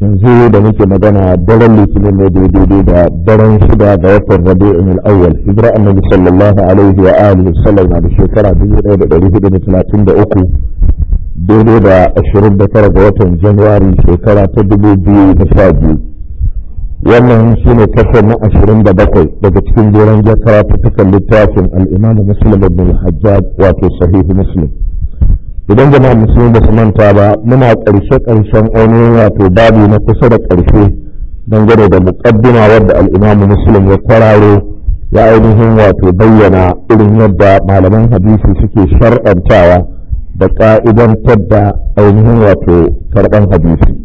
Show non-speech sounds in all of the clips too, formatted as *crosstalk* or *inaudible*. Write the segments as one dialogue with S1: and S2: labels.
S1: yanzu da muke magana daren litinin ne daidai da daren shida ga watan rabi'in al'awwal hijira annabi sallallahu alaihi wa alihi sallam na da shekara 1433 daidai da 29 ga watan januwari shekara ta 2012 wannan shi ne kaso na 27 daga cikin jeren jakara ta takan littafin al'imamu muslim ibn hajjaj wato sahihu muslim idan jama'a musulmi ba su manta ba muna ƙarshe ƙarshen ainihin wato babu na kusa da ƙarshe dangane da muƙaddima wadda al'imamu muslim ya kwararo ya ainihin wato bayyana irin yadda malaman hadisi suke shar'antawa da ƙa'idantar da ainihin wato karɓan hadisi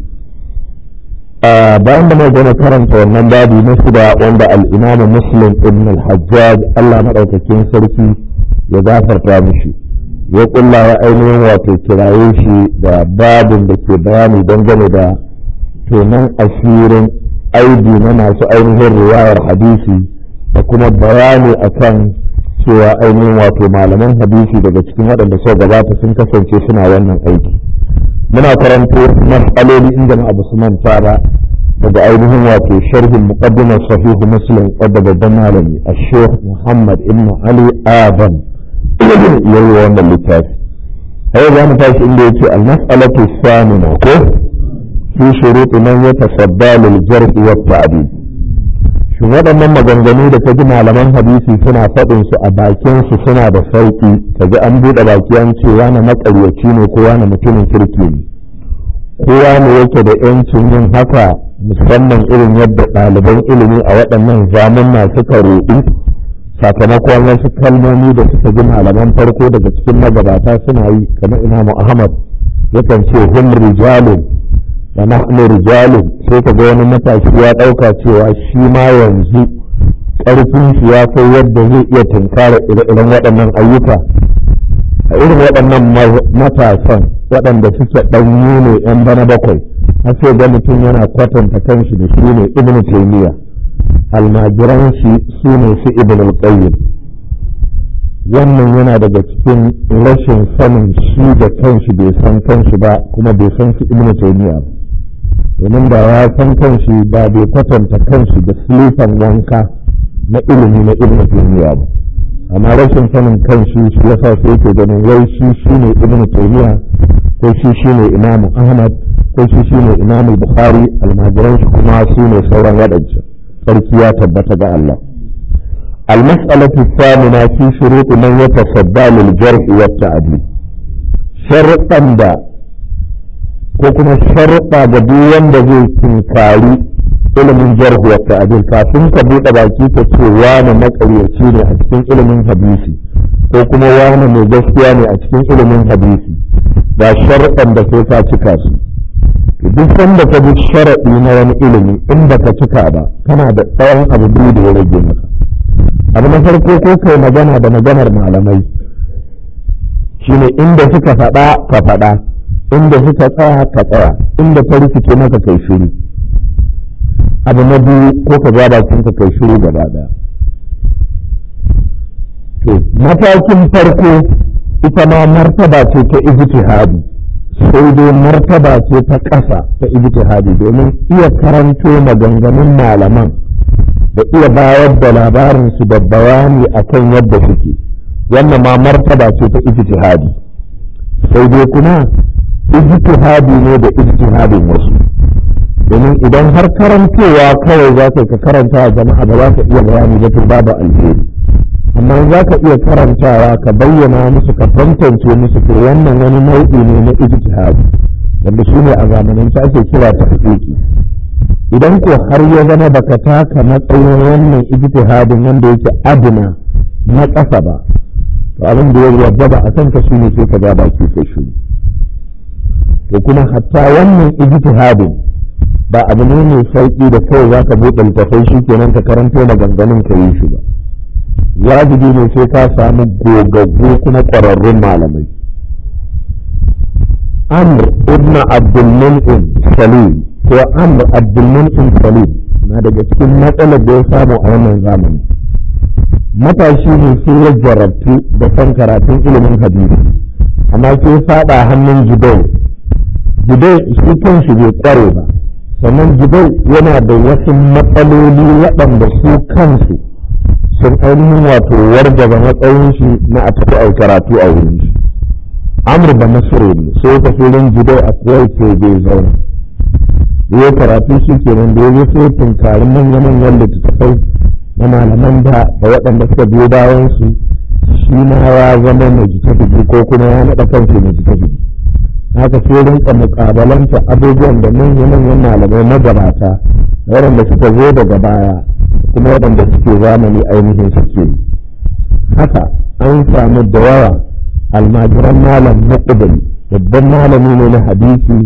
S1: bayan da mai gama karanta wannan babu na shida wanda al'imamu muslim ibn al-hajjaj allah maɗaukakin sarki ya gafarta mishi ya kulla ainihin wato kiraye shi da babin da ke bayani dangane da tonon asirin aibi na masu ainihin riwayar hadisi da kuma bayani akan cewa ainihin wato malaman hadisi daga cikin waɗanda suka gabata sun kasance suna wannan aiki muna karanto matsaloli inda na abu su manta ba daga ainihin wato sharhin muqaddimar sahihu muslim wadda babban malami a sheikh muhammad ibn ali adam yayi wannan littafi yau za mu tashi inda yake al-mas'alatu samina ko fi shuruti man ya lil jarh wa ta'dil shin waɗannan maganganu da ta ji malaman hadisi suna faɗin su a bakin su suna da sauƙi kaji an buɗe baki an ce wani maƙaryaci ne ko wani mutumin kirki ne kowa ne yake da yancin yin haka musamman irin yadda ɗaliban ilimi a waɗannan zamanna suka roɗi sakamakon wasu kalmomi da suka ji malaman farko daga cikin magabata suna yi kamar imamu ahmad yakan ce hum rijalun da nahnu rijalun sai ka ga wani matashi ya ɗauka cewa shi ma yanzu karfin shi ya kai yadda zai iya tunkara ire-iren waɗannan ayyuka a irin waɗannan matasan waɗanda suke ɗanyu ne 'yan bana bakwai har sai ga mutum yana kwatanta kanshi da shi ne ibnu taymiya almajiran shi su ne su ibn al-qayyim wannan yana daga cikin rashin sanin shi da kanshi bai san kanshi ba kuma bai san su ibn taymiya ba domin da ya san kanshi ba bai kwatanta kanshi da silifan wanka na ilimi na ibn taymiya ba amma rashin sanin kanshi shi yasa sai yake ganin wai shi shine ibn taymiya ko shi shine imamu ahmad ko shi shine imamu bukhari almajiran shi kuma su ne sauran wadancan. tsarki ya tabbata ga Allah المسألة الثامنة في شروط من يتصدى للجرح والتعديل شرطا دا كوكما شرطا دا بيوان دا زي تنكاري إلى من جرح والتعديل كافين كبوتا باكي تتوانا مكالي يتيني أتكين إلى من حديثي كوكما وانا مجسياني أتكين إلى من حديثي دا شرطا دا سيكا تكاسي duk sanda ka bi sharaɗi na wani ilimi in ba ka cika ba kana da tsawon abu biyu da ya rage maka abu na farko ko kai magana da maganar malamai shine inda suka faɗa ka faɗa inda suka tsaya ka tsaya inda ka rikice maka kai shiru abu na biyu ko ka ja bakin ka kai shiru gaba ɗaya to matakin farko ita ma martaba ce ta ijtihadi sai dai martaba ce ta ƙasa ta ijtihadi domin iya karanto maganganun malaman da iya bayar da labarin su da bayani akan yadda suke wannan ma martaba ce ta ijtihadi sai dai kuma ijtihadi ne da ijtihadin wasu domin idan har karantowa kawai za ka karanta jama'a ba za ka iya bayani ba babu alheri amma za ka iya karantawa ka bayyana musu ka tantance musu to wannan wani nau'i ne na ijtihad wanda shi ne a zamanin ta ake kira ta hakiki idan ko har ya zama ka taka matsayin wannan ijtihadin wanda yake adina na ƙasa ba to abin da ya ba a shi ne sai ka ga baki sai shi to kuma hatta wannan ijtihadin ba abu ne mai sauki da kawai za ka buɗe littafai shi kenan ka karanto maganganun ka yi shi ba wajibi ne sai ka samu gogaggu kuma ƙwararrun malamai amr ibn abdulmun'in salim ko amr abdulmun'in salim na daga cikin matsalar da ya samu a wannan zamani matashi ne sun ya jarabtu da son karatun ilimin hadisi amma sai faɗa hannun jidai jidai shi kanshi bai ƙware ba sannan jibai yana da wasu matsaloli waɗanda su kansu sun ainihin wato wargaba matsayin shi na a tafi ai karatu a wurin shi amur ba nasiru ne sai ta filin jidai a kuwai sai bai zauna ya karatu shi nan da ya sai tunkari manya-manyan littattafai na malaman da da waɗanda suka biyo bayan su shi na ya zama mai jita ko kuma ya naɗa kansa mai jita haka sai rinka mukabalanta abubuwan da manyan manyan malamai gabata waɗanda suka zo daga baya kuma waɗanda suke zamani ainihin suke haka an samu da yawa almajiran malam maƙudin babban malami ne na hadisi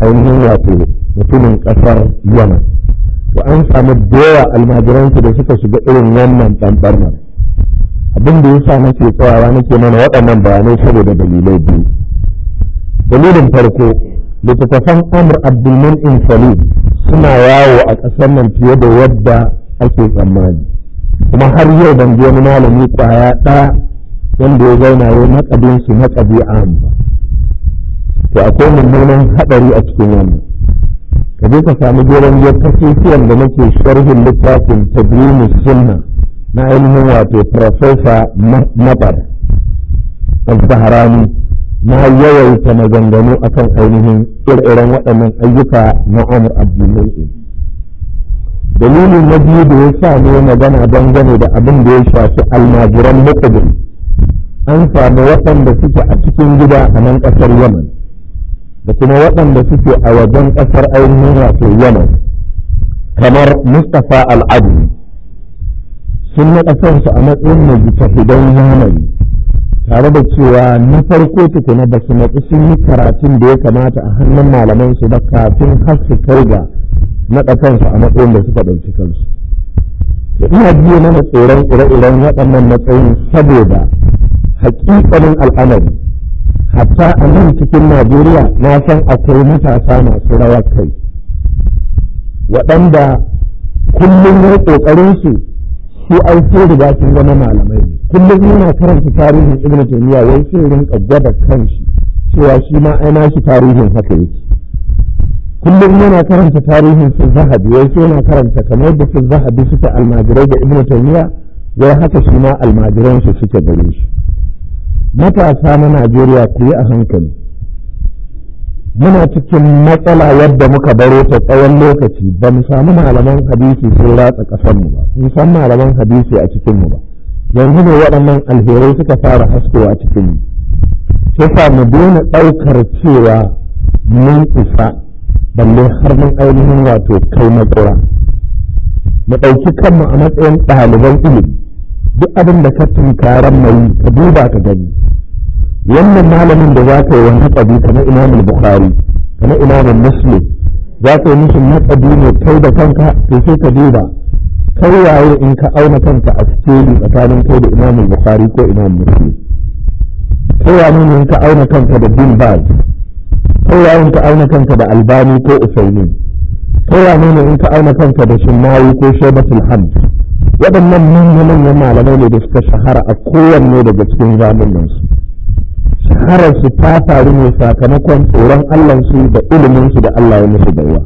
S1: ainihin wato mutumin ƙasar yaman to an samu da yawa almajiransu da suka shiga irin wannan ɗanɓarnar abin da ya sa nake tsawawa nake mana waɗannan bayanai saboda dalilai biyu dalilin farko littattafan amur abdulmin salim suna yawo a ƙasar nan fiye da yadda ake tsammani kuma har yau ban je wani malami kwaya ɗaya wanda ya zauna ya makabin su na a ba to akwai mummunan haɗari a cikin wannan ka je ka samu goron ya siyan da nake sharhin littafin tabrimus sunna na ainihin wato profesa mabar al na yawaita maganganu akan ainihin ire-iren waɗannan ayyuka na umar abdullahi dalilin na biyu da ya sa ne magana dangane da abin da ya shafi almajiran muqbil an samu waɗanda suke a cikin gida a nan ƙasar yaman da kuma waɗanda suke a wajen ƙasar ainihin wato yaman kamar mustapha al'adu sun na ƙasarsu a matsayin mai jitahidan yamani tare da cewa na farko tukuna ba su matsi sun yi karatun da ya kamata a hannun malaman su ba kafin har su kai naɗa kansu a matsayin da suka ɗauki kansu da ina biyo mana tsoron ire-iren waɗannan matsayin saboda haƙiƙanin al'amari hatta a nan cikin najeriya na san akwai matasa masu rawa kai waɗanda kullum ya ƙoƙarin su an fi riga sun zama malamai ne kullum yana karanta tarihin ibn taymiya wai sai rinka gwada kanshi cewa shi ma ai nashi tarihin haka yake kullum yana karanta tarihin su zahabi wai sai yana karanta kamar da su zahabi suka almajirai da ibnu taymiya wai haka shi ma almajiran su suke gare shi matasa na najeriya ku yi a hankali muna cikin matsala yadda muka baro ta tsawon lokaci ba mu samu malaman hadisi sun ratsa mu ba mu san malaman hadisi a cikinmu ba yanzu ne waɗannan alherai suka fara haskowa cikin mu sai mu daina ɗaukar cewa mun isa balle har mun ainihin wato kai tsora mu ɗauki kanmu a matsayin ɗaliban ilimi duk abin da ka tunkaran mai ka duba ka gani wannan malamin da za ka yi wani tsabi kamar imamul bukhari kamar imamul muslim za ka yi musu matsabi ne kai da kanka to sai ka duba kai waye in ka auna kanka a sikeli tsakanin kai da imamul bukhari ko imam muslim kai wane ne in ka auna kanka da bin baz taurayin ka auna kanka da albani ko usaini taurayi ne in ka auna kanka da sunnawi ko shebatul hamd waɗannan manya-manyan malamai ne da suka shahara a kowanne daga cikin zamaninsu shahararsu ta faru ne sakamakon tsoron allahnsu da iliminsu da allah ya musu baiwa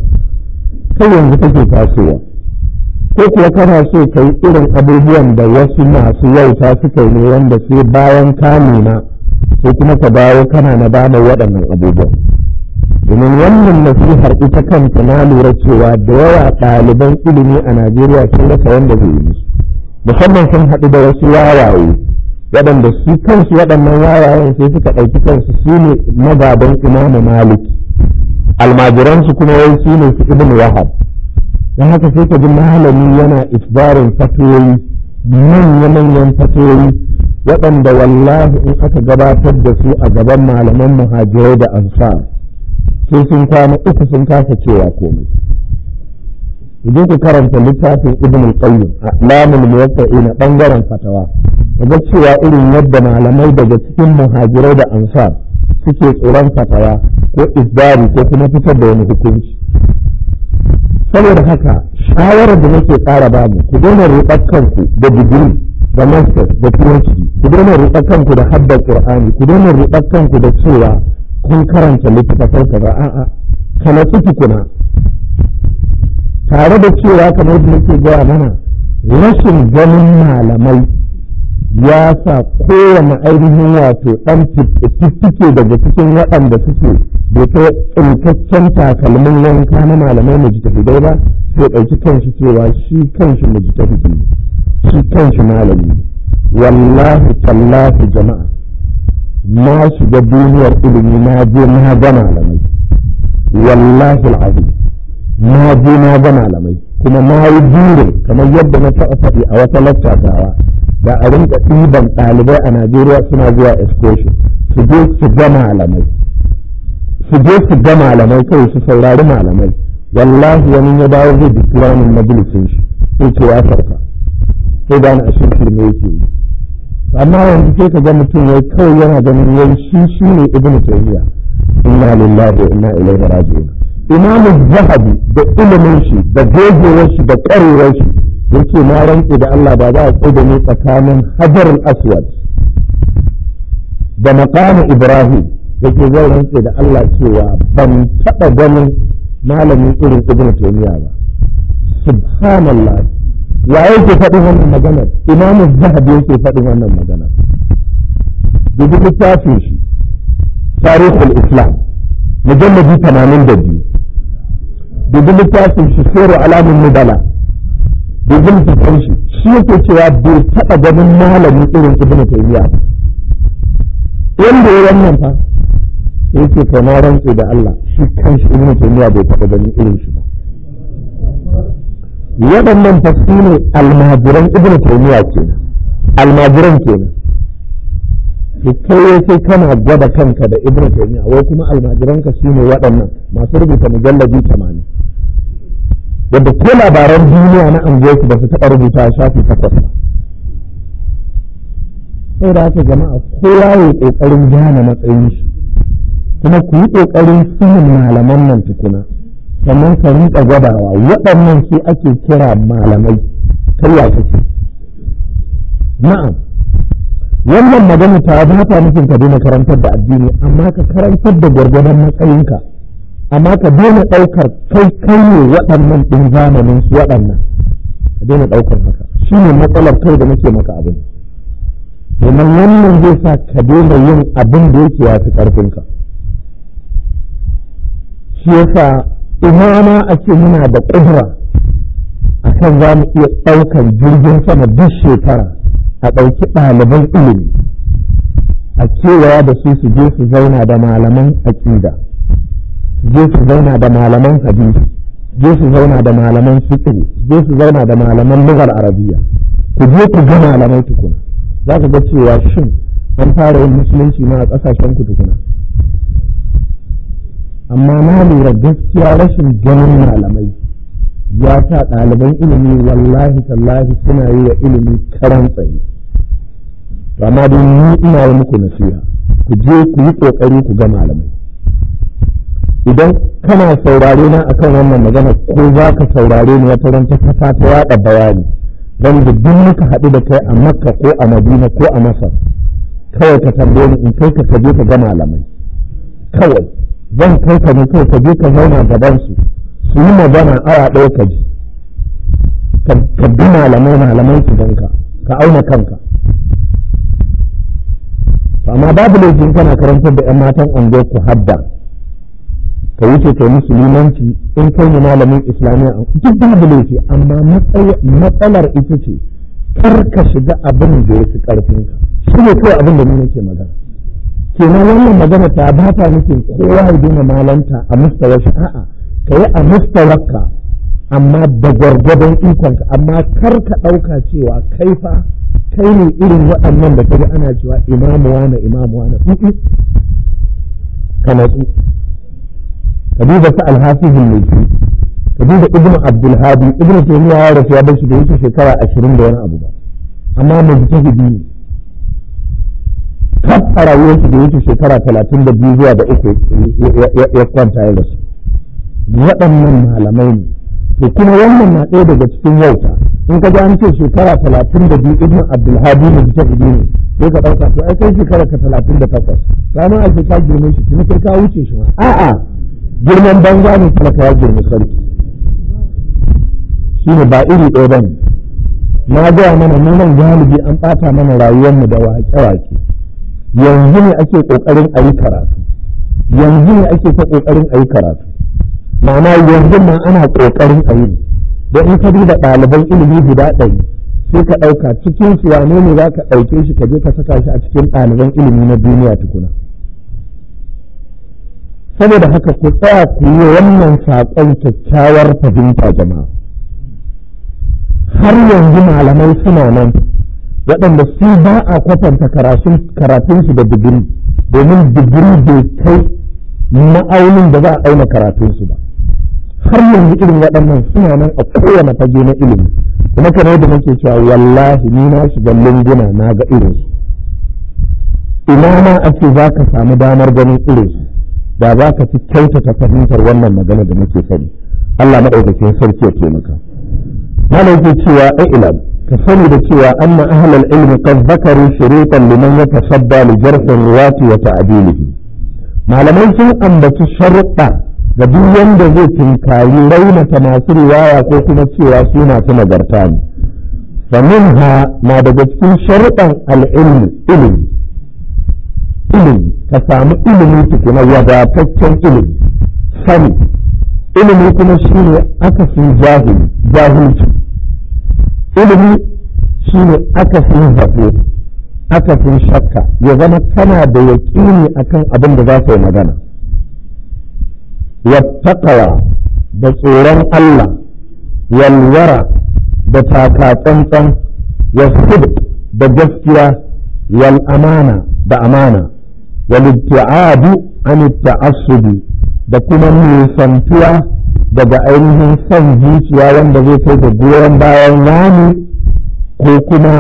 S1: kai yanzu kake tasowa ko kuwa kana so ka yi irin abubuwan da wasu masu yauta suka ne wanda sai bayan kamina nuna sai kuma ka dawo kana na dama waɗannan abubuwan domin wannan nasihar ita kanta na lura cewa da yawa ɗaliban ilimi a najeriya sun rasa wanda zai yi musamman sun haɗu da wasu wawaye waɗanda su kansu waɗannan wawayen sai suka ɗauki kansu su ne magaban imamu maliki almajiransu kuma wai su ne su ibn wahab don haka sai ka ji malami yana isbarin fatoyi manya-manyan fatoyi waɗanda wallahi in aka gabatar da su a gaban malaman muhajirai da ansar sai sun kwana uku sun kasa cewa komai idan ku karanta littafin ibn al-qayyim lamul na bangaren fatawa kaga cewa irin yadda malamai daga cikin muhajirai da ansar suke tsoron fatawa ko isbari ko kuma fitar da wani hukunci saboda haka shawarar da nake ƙara bamu ku daina rubar kanku da digiri da masters da phd ku daina rubar kanku da haddar qur'ani ku daina rubar kanku da cewa kun karanta littattafai kaza a'a kana ciki tukuna tare da cewa kamar da nake gaya mana rashin ganin malamai ya sa kowane ainihin wato ɗan fiffike daga cikin waɗanda suke da ta tsinkaccen takalmin wanka na malamai mujtahidai ba sai ɗauki kanshi cewa shi kanshi mujtahidi shi kanshi malami wallahi tallahi jama'a na shiga duniyar ilimi na je na malamai wallahi alazim na je na malamai kuma na yi burin kamar yadda na taɓa faɗi a wata lacca da a rinka ɗiban ɗalibai a najeriya suna zuwa excursion su je su ga malamai su je su ga malamai kawai su saurari malamai wallahi wani ya dawo zai bi kiranin majalisin shi sai ce ya farka sai da na ashe ne yake yi amma yanzu sai ka ga mutum wai kawai yana ganin wai shi shi ne ibn taymiya inna lillahi wa inna ilaihi raji'un imam zahabi da ilimin shi da gogewar shi da karewar shi yace na rantse da Allah ba za a tsaye tsakanin hajar aswad da maqam ibrahim yake zai rantse da Allah cewa ban taɓa ganin malamin irin ibn taymiya ba subhanallah wa yake faɗin wannan maganar imamu zahabi yake faɗin wannan maganar dubi littafin shi tarihul islam mujalladi tamanin da biyu dubi littafin shi sero alamun nubala dubi littafin shi shi yake cewa bai taɓa ganin malamin irin ibnu taymiya inda ya wannan fa yake kamar rantsi da Allah shi kanshi ibnu taymiya bai taɓa ganin irin shi ba waɗannan tafsirin almajiran ibnu taymiya kenan almajiran kenan to kai sai kana gwada kanka da ibn taimiya wai kuma almajiranka su ne waɗannan masu rubuta mujallabi tamanin yadda ko labaran duniya na amjesu ba su taɓa rubuta shafi takwas ba sai da haka jama'a kowa ya yi ƙoƙarin gane matsayin shi kuma ku yi ƙoƙarin sanin malaman nan tukuna sannan ka riƙa gwadawa waɗannan shi ake kira malamai karya kake na'am wannan magana ta ba ta nufin ka daina karantar da addini amma ka karantar da gwargwadon matsayinka amma ka daina ɗaukar kai kai ne waɗannan ɗin zamanin su waɗannan ka daina ɗaukar haka shi ne matsalar kai da nake maka abin domin wannan zai sa ka daina yin abin da yake ya fi ƙarfinka shi yasa ina ma a ce muna da ƙudura a kan za mu iya ɗaukar jirgin sama duk shekara a ɗauki ɗaliban ilimi a kewaya da su su je su zauna da malaman aƙida su je su zauna da malaman hadisi je su zauna da malaman su je su zauna da malaman lugar arabiya ku je ku ga malamai tukuna za ka ga cewa shin an fara yin musulunci ma a ƙasashen ku tukuna amma na lura gaskiya rashin ganin malamai ya sa ɗaliban ilimi wallahi tallahi suna yi wa ilimi karan tsaye to amma dai ni ina yi muku nasiha ku je ku yi ƙoƙari ku ga malamai idan kana saurare na akan wannan magana ko za ka saurare ni wata ran ta kafa ta yaɗa bayani don da duk muka haɗu da kai a makka ko a madina ko a masar kawai ka tambaye in kai ka je ka ga malamai kawai zan kai ka ne kai ka je ka zauna gaban su su yi magana awa ɗaya ka ji ka bi malamai malamai su don ka auna kanka amma babu laifin kana karantar da 'yan matan anguwar ku hadda ka wuce kai musulmanci in kai ne malamin islamiyya duk babu laifi amma matsalar ita ce kar ka shiga abin da ya fi karfinka shi ne kawai abin da ni nake magana kenan wannan magana ta ba ta nufin kowa ya gina malanta a mustawar shi a'a ka yi a mustawarka amma da gwargwadon ikonka amma kar ka ɗauka cewa kai fa kai ne irin waɗannan da kaga ana cewa imamu wane imamu wane ka natsu ka duba su alhafizin mai ci ka duba ibnu abdulhadi ibnu taymiya ya rasu ya bar shi da yake shekara ashirin da wani abu ba amma mai biyu kaf rayuwar su da yake shekara talatin da biyu zuwa da uku ya kwanta ya rasu waɗannan malamai ne to kuma wannan na ɗaya daga cikin yauta in ka ji an ce shekara talatin da biyu ibn abdulhadi ne ta ibi ne sai ka ɗauka to ai kai shekara ka talatin da takwas rana a ce ka girme shi tuni kai ka wuce shi ma a'a girman banza ne ka ya girme sarki shi ne ba iri ɗaya ba ne na gaya mana mu nan galibi an ɓata mana rayuwarmu da waƙe-waƙe yanzu ne ake kokarin a yi karatu yanzu ne ake ta kokarin a yi karatu ma'ana yanzu ma ana kokarin a yi da in ka duba ɗaliban ilimi guda ɗari sai ka ɗauka cikin su wane ne za ka ɗauke shi ka je ka saka shi a cikin ɗaliban ilimi na duniya tukuna saboda haka ku tsaya ku yi wannan saƙon kyakkyawar fahimta jama'a har yanzu malamai suna nan waɗanda su ba a kwatanta karatunsu da digiri domin digiri bai kai ma'aunin da za a auna karatunsu ba har yanzu irin waɗannan suna nan a kowane fage na ilimi kuma kamar yadda nake cewa wallahi ni na shiga lunguna na ga irinsu ina ma a ce za ka samu damar ganin irinsu da za ka fi kyautata fahimtar wannan magana da nake sani Allah maɗaukakin sarki ya taimaka. Malam ke cewa ai ilam ka sani da cewa an na ahalar ilmi kan zakarin shirutan liman ya tasabba da jarfin ruwati wa ta'adilihi malamai sun ambaci sharuɗa ga duk wanda zai tunkari raunata masu riwaya ko kuma cewa suna masu nagarta ne sannan ha na daga cikin sharuɗan al'ilmi ilimi ilimi ka samu ilimi tukuna wadataccen ilimi sani ilimi kuma shi ne aka fi jahili ilimi shine akasin zato akasin shakka ya zama kana da yaƙini akan abin da za ka yi magana wattaqawa da tsoron Allah yalwara da takatsantsan wasu da gaskiya yal amana da amana wal ibtiadu an ta'assubi da kuma nisantuwa daga ainihin son zuciya wanda zai kai da goyon bayan wani ko kuma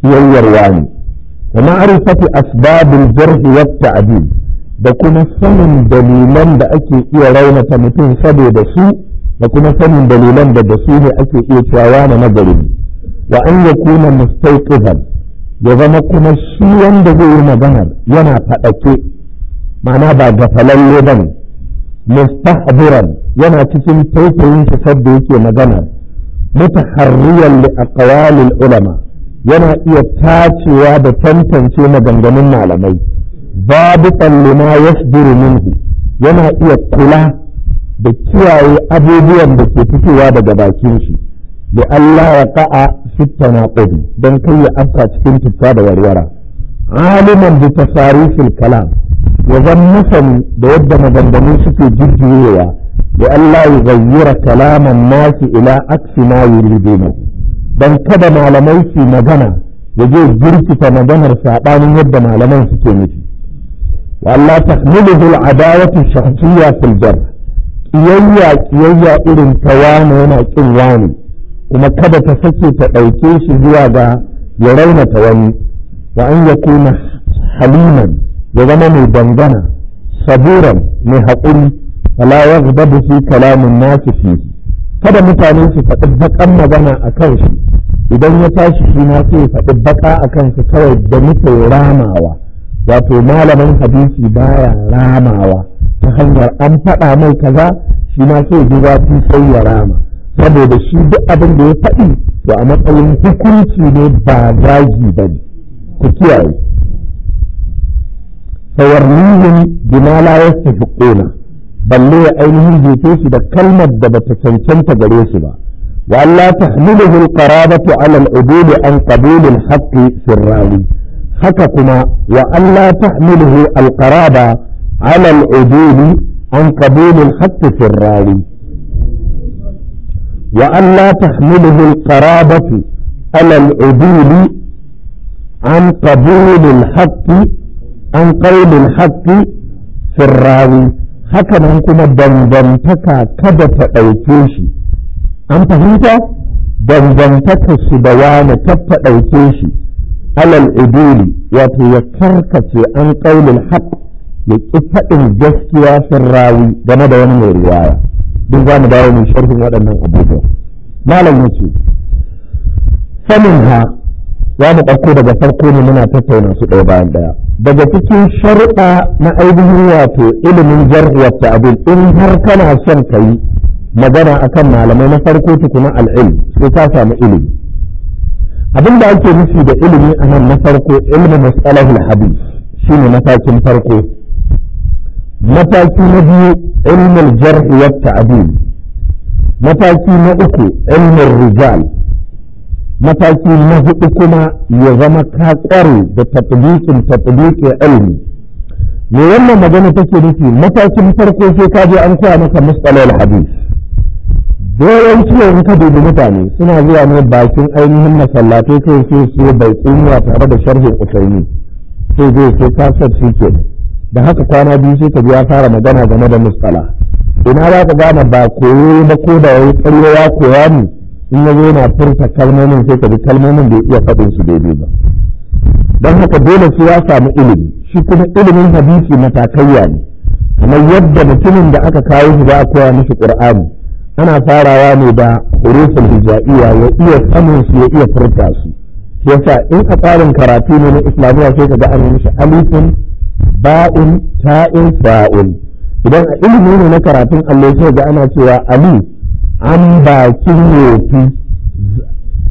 S1: kiyayyar wani wa ma'arifati asbabul jarhi wa ta'dil da kuma sanin dalilan da ake iya raunata mutum saboda su da kuma sanin dalilan da da su ne ake iya cewa na nagari wa an yakuna mustaqibal ya zama kuma shi wanda zai yi magana yana faɗake ma'ana ba gafalalle bane mustahbiran yana cikin tausayin shi sadda yake magana mutaharriyan li aqwalil ulama yana iya tacewa da tantance maganganun malamai babu lima yasduru minhu yana iya kula da kiyaye abubuwan da ke fitowa daga bakin shi da Allah ya ka'a fitta na don kai ya afka cikin tuffa da warwara aliman bi tasarifil kalam ya zan masani da yadda maganganu suke jujjuyewa لئلا يغير كلام الناس الى عكس ما يريدونه dan kada malamai su magana ya je jirkita maganar saɓanin yadda malaman suke nufi wa Allah tahmiluhu al-adawatu shakhsiyya fil jarh kiyayya kiyayya irin ta wani yana kin wani kuma kada ta sake ta ɗauke shi zuwa ga ya raunata wani wa an yakuna haliman ya zama mai dangana saburan mai haƙuri فلا يغضب في kalamin الناس فيه kada mutane su faɗi baƙan magana a kan shi idan ya tashi shi na sai faɗi baka kan shi kawai da nufin ramawa wato malamin hadisi baya ramawa ta hanyar an faɗa mai kaza shi na sai ji zafi sai ya rama saboda shi duk abin da ya faɗi to a matsayin hukunci ne ba zagi ba ne ku kiyaye sawarnihin bima fi yastafiquna balle ya ainihin jefe su da kalmar da bata cancanta gare su ba wa Allah tahmiluhu alqarabatu ala al-udul an qabul al-haqq sirrani haka kuma wa Allah tahmiluhu alqaraba ala al-udul an qabul al-haqq sirrani wa Allah tahmiluhu alqarabatu ala al an qabul al an qawl al sirrani hakanan kuma dangantaka kada ta ɗauke shi an fahimta dangantaka su da wani ta ɗauke shi alal iduli wato ya karkace an ƙaunin haƙ ya ƙi faɗin gaskiya sun rawi game da wani mai riwaya duk za mu dawo mu sharhin waɗannan abubuwa malam yace sanin ha za mu ɗauko daga farko ne muna tattauna su ɗaya bayan ɗaya daga cikin sharuɗa na ainihin wato ilimin jarhuwar abin in har kana son ka yi magana akan malamai na farko tukuna al'il sai ka samu ilimi abin da ake nufi da ilimi a nan na farko ilmin matsalahul shi shine matakin farko mataki na biyu ilmin jarhuwar ta'adil mataki na uku ilmin rijal mataki na hudu kuma ya zama ka da tatbikin tatbikin ilmi me wannan magana take nufi matakin farko sai ka je an koya maka mustalal hadis doron in ka dubi mutane suna zuwa ne bakin ainihin masallatai kai sai su bai tsinuwa tare da sharhi usaini sai zai sai kasar shi ke da haka kwana biyu sai ka ya fara magana game da mustala ina za ka gane ba koyo ba ko da wani tsarwa koya ne in ya yana furta kalmomin sai ka bi kalmomin bai iya faɗin su daidai ba don haka dole su ya samu ilimi shi kuma ilimin hadisi matakaiya ne kamar yadda mutumin da aka kawo shi za a koya mishi qur'ani ana farawa ne da hurufin hijaiya ya iya samun su ya iya furta su yasa in a tsarin karatu ne na islamiyya sai ka ga an mishi alifin ba'un ta'in fa'un idan a ilimi ne na karatun allo sai ga ana cewa ali an bakin yofi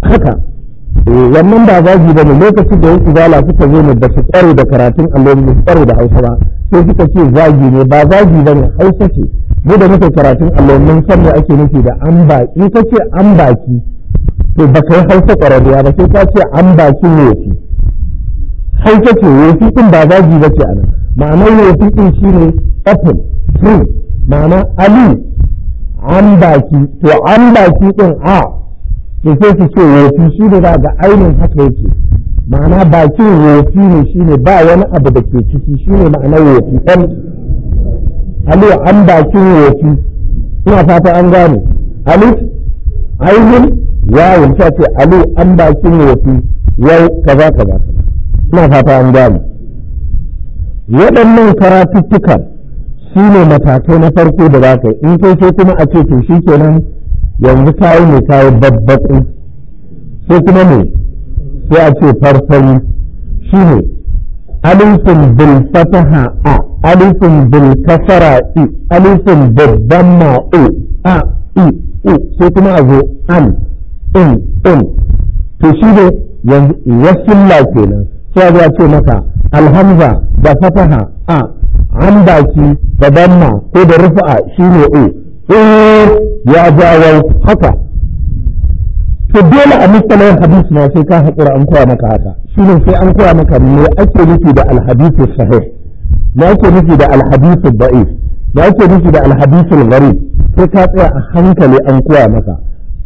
S1: haka eh, wannan ba zagi ba ne lokacin da wasu zala suka zo ne ba su tsare da karatun allon ba su tsare da hausa ba sai suka ce zagi ne ba zagi ba ne hausa ce mu da muke karatun allon mun san me ake nufi da an baki ka ce an baki to ba kai hausa kwararriya ba sai ka ce an baki yofi hausa ce yofi din ba zagi ba ce nan ma'anar yofi din shine apple ma'ana alu. an baki to an baki ɗin a to sai su ce wofi shi ne za ga ainihin haka yake ma'ana bakin wofi ne shi ne ba wani abu da ke ciki shi ne ma'anar wofi ɗan aliyu an bakin wofi ina fata an gane alif ainihin yawon ta ce aliyu an bakin wofi yau kaza kaza kaza ina fata an gane waɗannan karatuttukan su ne matakai na farko da za ka yi in kai sai kuma a ce to shi kenan yanzu kayi ne kayi babbaku sai kuma ne sai a ce farfari shi ne alifin bil fataha a alifin bil kasara i alifin babban ma'u a i u sai kuma a zo an in in to shi ne yanzu wasilla kenan sai a zo a ce maka alhamza da fataha a hambaki da damma ko da rufa'a shine o ya jawo haka to dole a misalin hadisi na sai ka haƙura an koya maka haka shine sai an koya maka me ake nufi da alhadisu sahih me ake nufi da alhadisu da'if me ake nufi da alhadisu gharib sai ka tsaya a hankali an koya maka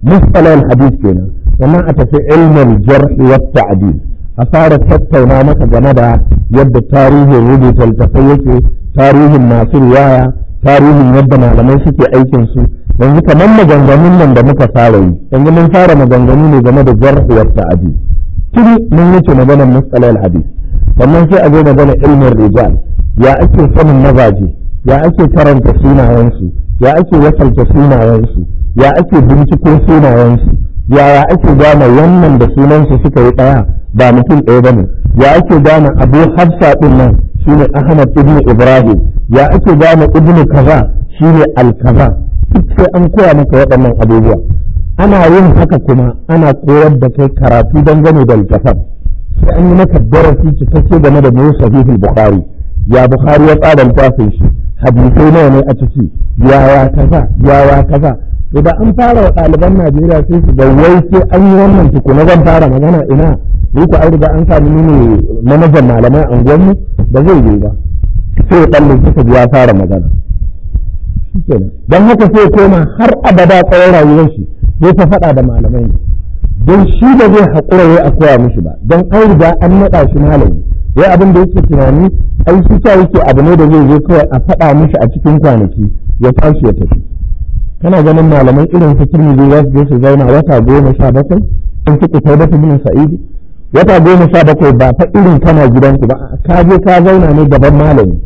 S1: misalin hadisi kenan sannan a tafi ilmin jarh wa ta'dil a fara tattauna maka game da yadda tarihin rubuta littattafai yake tarihin masu riwaya tarihin yadda malamai suke aikin su yanzu kamar maganganun nan da muka fara yi yanzu mun fara maganganu ne game da jarhuwar ta'adi tun mun wuce maganar matsalar hadis sannan sai a zo maganar ilmin rijal ya ake sanin mazaje ya ake karanta sunayensu ya ake wasalta sunayensu ya ake binciko sunayensu yaya ake gane wannan da sunansu suka yi ɗaya ba mutum ɗaya ba ne ya ake gane abu hafsa ɗin nan shine ahmad ibn ibrahim ya ake gane ibn kaza shine alkaza duk sai an koya maka waɗannan abubuwa ana yin haka kuma ana koyar da kai karatu gane da littafan sai an yi maka darasi cikakke game da mu sahihul bukhari ya bukhari ya tsara littafin shi hadisai nawa ne a ciki yaya kaza yaya kaza to da an fara wa ɗaliban Najeriya sai su ga wai sai an yi wannan tukuna zan fara magana ina ni ku an sami an ne manajan malamai anguwanmu ba zai yi ba sai ya ɗan ya fara magana don haka sai koma har abada tsawon rayuwar shi zai ta faɗa da malamai ne don shi ba zai haƙura ya koya mishi ba don an an naɗa shi malami wai abin da yake tunani ai shi yake abu ne da zai zo kawai a faɗa mishi a cikin kwanaki ya tashi ya tafi kana ganin malamai irin su turmizi za su je su zauna wata goma sha bakwai sun fi kutai da bin sa'idi wata goma sha bakwai ba fa irin kana gidanku ba ka je ka zauna ne gaban malami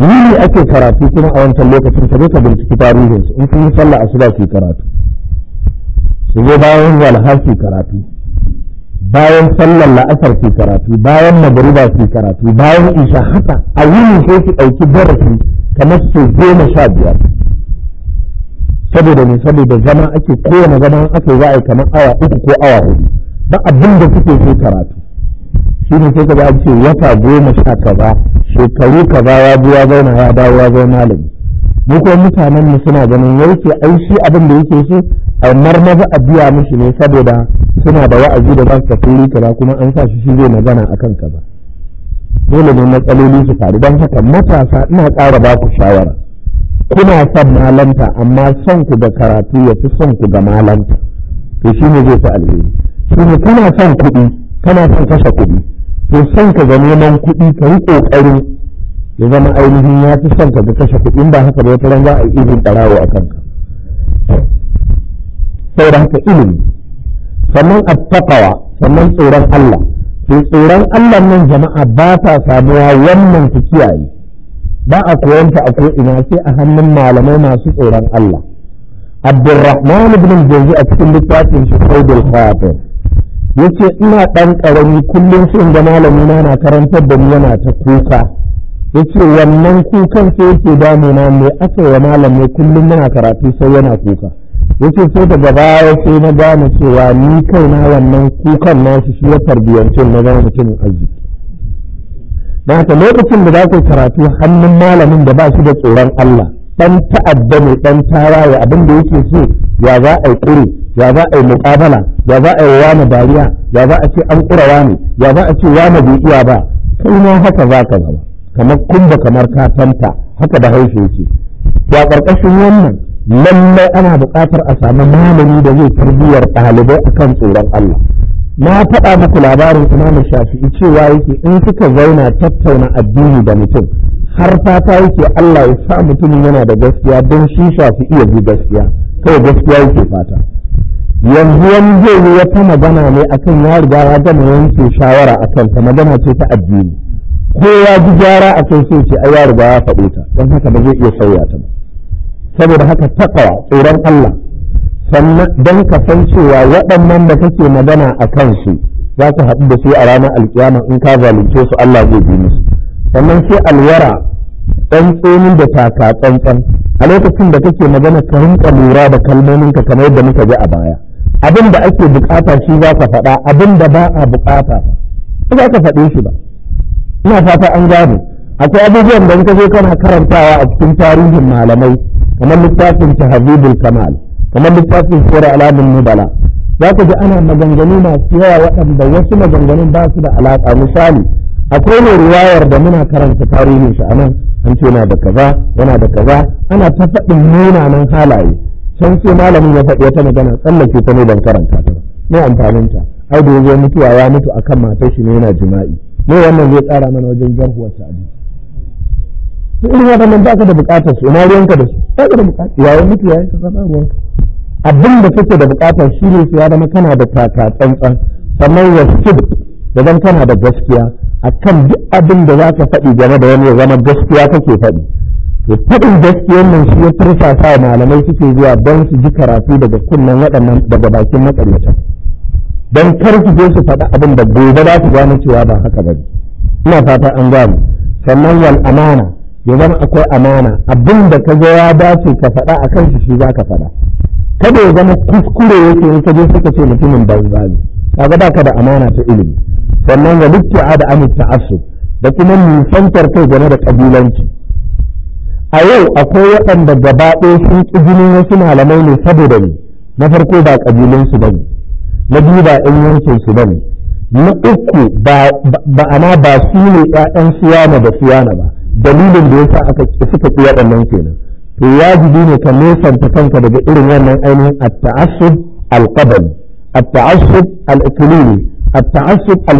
S1: wuri ake karatu kuma a wancan lokacin ka zo ka binciki tarihin su in kun yi sallah asuba ku karatu su zo bayan walhar su karatu bayan sallar la'asar su karatu bayan magariba su karatu bayan isha haka a wuri sai su ɗauki darasi kamar su goma sha biyar saboda ne saboda zama ake kowane zama ake za a yi kamar awa uku ko awa hudu ba abin da suke so karatu shi ne sai kaga an ce wata goma sha kaza shekaru kaza ya bi ya zauna ya dawo ya zauna malami mu ko mutanen mu suna ganin yauke ai shi abin da yake so a marmaza a biya mishi ne saboda suna da wa'azi da za su tafi kaza kuma an sa shi shi zai magana akan kaza dole ne matsaloli su faru don haka matasa ina kara ba ku shawara kuna son malanta amma son ku ga karatu ya fi son ku ga malanta to shi ne zai fi alheri shi ne kana son kuɗi kana son kashe kuɗi to son ka ga neman kuɗi ka yi ƙoƙarin ya zama ainihin ya fi son ka ga kashe kuɗi in ba haka ba wata ran za a yi izin ɗarawo a kanka sai da haka ilimi sannan attaqawa sannan tsoron Allah to tsoron Allah nan jama'a ba ta samuwa wannan ku kiyaye ba a koyanta a ko'ina sai a hannun malamai masu tsoron Allah Abdulrahman ibn Jawzi a cikin littafin shi Saudul Khatir yace ina ɗan karami kullum sai ga malami na na karantar da ni yana ta kuka yace wannan kukan sai yake damuna me aka wa kullum yana karatu sai yana kuka yace sai daga baya sai na gane cewa ni kaina wannan kukan nasu shi ya tarbiyyance na zama mutumin arziki don haka lokacin da za ku karatu hannun malamin da ba su da tsoron Allah dan ta'adda mai dan tawaye abin da yake so ya za a yi ya za a yi muƙabala ya za a yi wani dariya ya za a ce an ƙura wani ya za a ce wani bai ba kai ma haka za ka zama kamar kumba kamar katanta haka da haushe yake ya ƙarƙashin wannan lallai ana buƙatar a samu malami da zai tarbiyyar ɗalibai akan tsoron Allah na faɗa muku labarin imam shafi'i cewa yake in suka zauna tattauna addini da mutum har fata yake Allah ya sa mutumin yana da gaskiya don shi shafi'i ya ji gaskiya kawai gaskiya yake fata yanzu wani zai yi wata magana ne akan ya riga ya gama yanke shawara akan ta magana ce ta addini ko ya ji gyara a kai sai ce ai ya riga ya faɗe ta don haka ba zai iya sauya ta ba saboda haka takawa tsoron Allah don ka san cewa waɗannan da kake magana a kansu za ka haɗu da su a ranar alkiyama in ka zalunce su Allah zai bi musu sannan sai alwara ɗan tsomin da taka tsantsan a lokacin da kake magana ka rinka lura da kalmominka kamar yadda muka ji a baya abin da ake bukata shi za ka faɗa abin da ba a bukata ba za ka faɗe shi ba ina fata an gane akwai abubuwan da in ka zo kana karantawa a cikin tarihin malamai kamar littafin tahzibul kamal kamar littafin sura alamun nubala za ka ji ana maganganu masu yawa waɗanda wasu maganganun ba su da alaƙa misali akwai ne ruwayar da muna karanta tarihin shi anan an ce yana da kaza yana da kaza ana ta faɗin munanan halaye can sai malamin ya faɗi wata magana tsallake ta ne ban karanta ta ne amfanin ta ai da yanzu mutuwa ya mutu akan matar shi ne yana jima'i ne wannan zai tsara mana wajen jarhuwar ta abin to irin waɗannan ba ka da bukatar su ina ruwanka da su ba ka da bukatar yayin mutuwa ya ka zaɓa ruwanka abin da kake da bukatar shi ne ya zama kana da taka tsantsan sannan ya da zan kana da gaskiya akan duk abin da za ka faɗi game da wani ya zama gaskiya kake faɗi to faɗin gaskiyar nan shi ya tursa sa malamai suke zuwa don su ji karatu daga kunnen waɗannan daga bakin makaryata don kar su je su faɗi abin da gobe za su gane cewa ba haka ba ina fata an gane sannan wal amana ya zama akwai amana abin da ka ga ya dace ka faɗa akan shi shi za ka faɗa kada ya zama kuskure yake in ka je suka ce mutumin banza ne kaga ka da amana ta ilimi sannan ga lutti'a da amit ta'assub da kuma nisantar kai game da kabilanci a yau akwai waɗanda gaba ɗaya sun ƙi jinin wasu malamai ne saboda ne na farko ba su ba ne na biyu ba ɗan yankinsu ba ne na uku ba ana ba su ne ‘ya'yan siyana da siyana ba dalilin da ya sa aka suka ƙi waɗannan kenan to wajibi ne ka nesanta kanka daga irin wannan ainihin at-ta'assub al-qadam at-ta'assub al-iqlili at-ta'assub al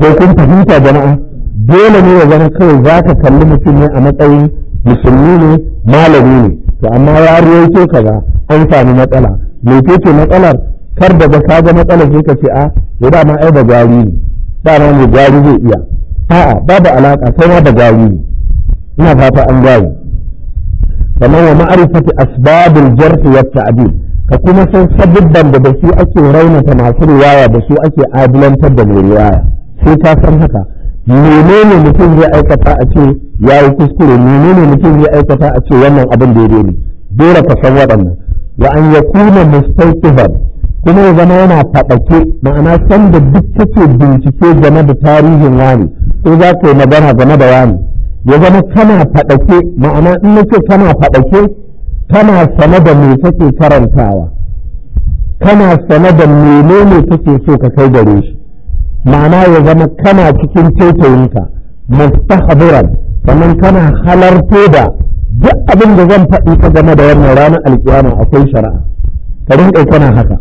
S1: ko kun fahimta jama'a dole ne ya zama kawai za ka kalli mutum ne a matsayin musulmi ne malami ne to amma ya riyoto kaza an sami matsala me ce matsalar kar da ba ka ga matsalar sai ka ce a ah, ya dama ai ba gari ne dama mai gari zai iya a'a babu alaka sai ma da gari ne ina fata an gane kamar wa ma'arifati asbabul jarh wa ta'dil ka kuma san sabubban da su ake raunata masu riwaya da su ake adilantar da mai riwaya sai ka san haka menene mutum zai aikata a ce ya yi kuskure menene mutum zai aikata a ce wannan abin daidai ne dole ka san waɗannan wa an yakuna mustaqbal kuma ya zama yana faɗake ma'ana sanda duk kake bincike game da tarihin wani ko za ka yi magana game da wani ya zama kana faɗake ma'ana in na ce kana faɗake kana sane da me take karantawa kana sane da menene take so ka kai gare shi ma'ana ya zama kana cikin taitayinka mustahdiran sannan kana halarto da duk abin da zan faɗi ta game da wannan ranar alkiyama akwai shari'a ka rinƙa kana haka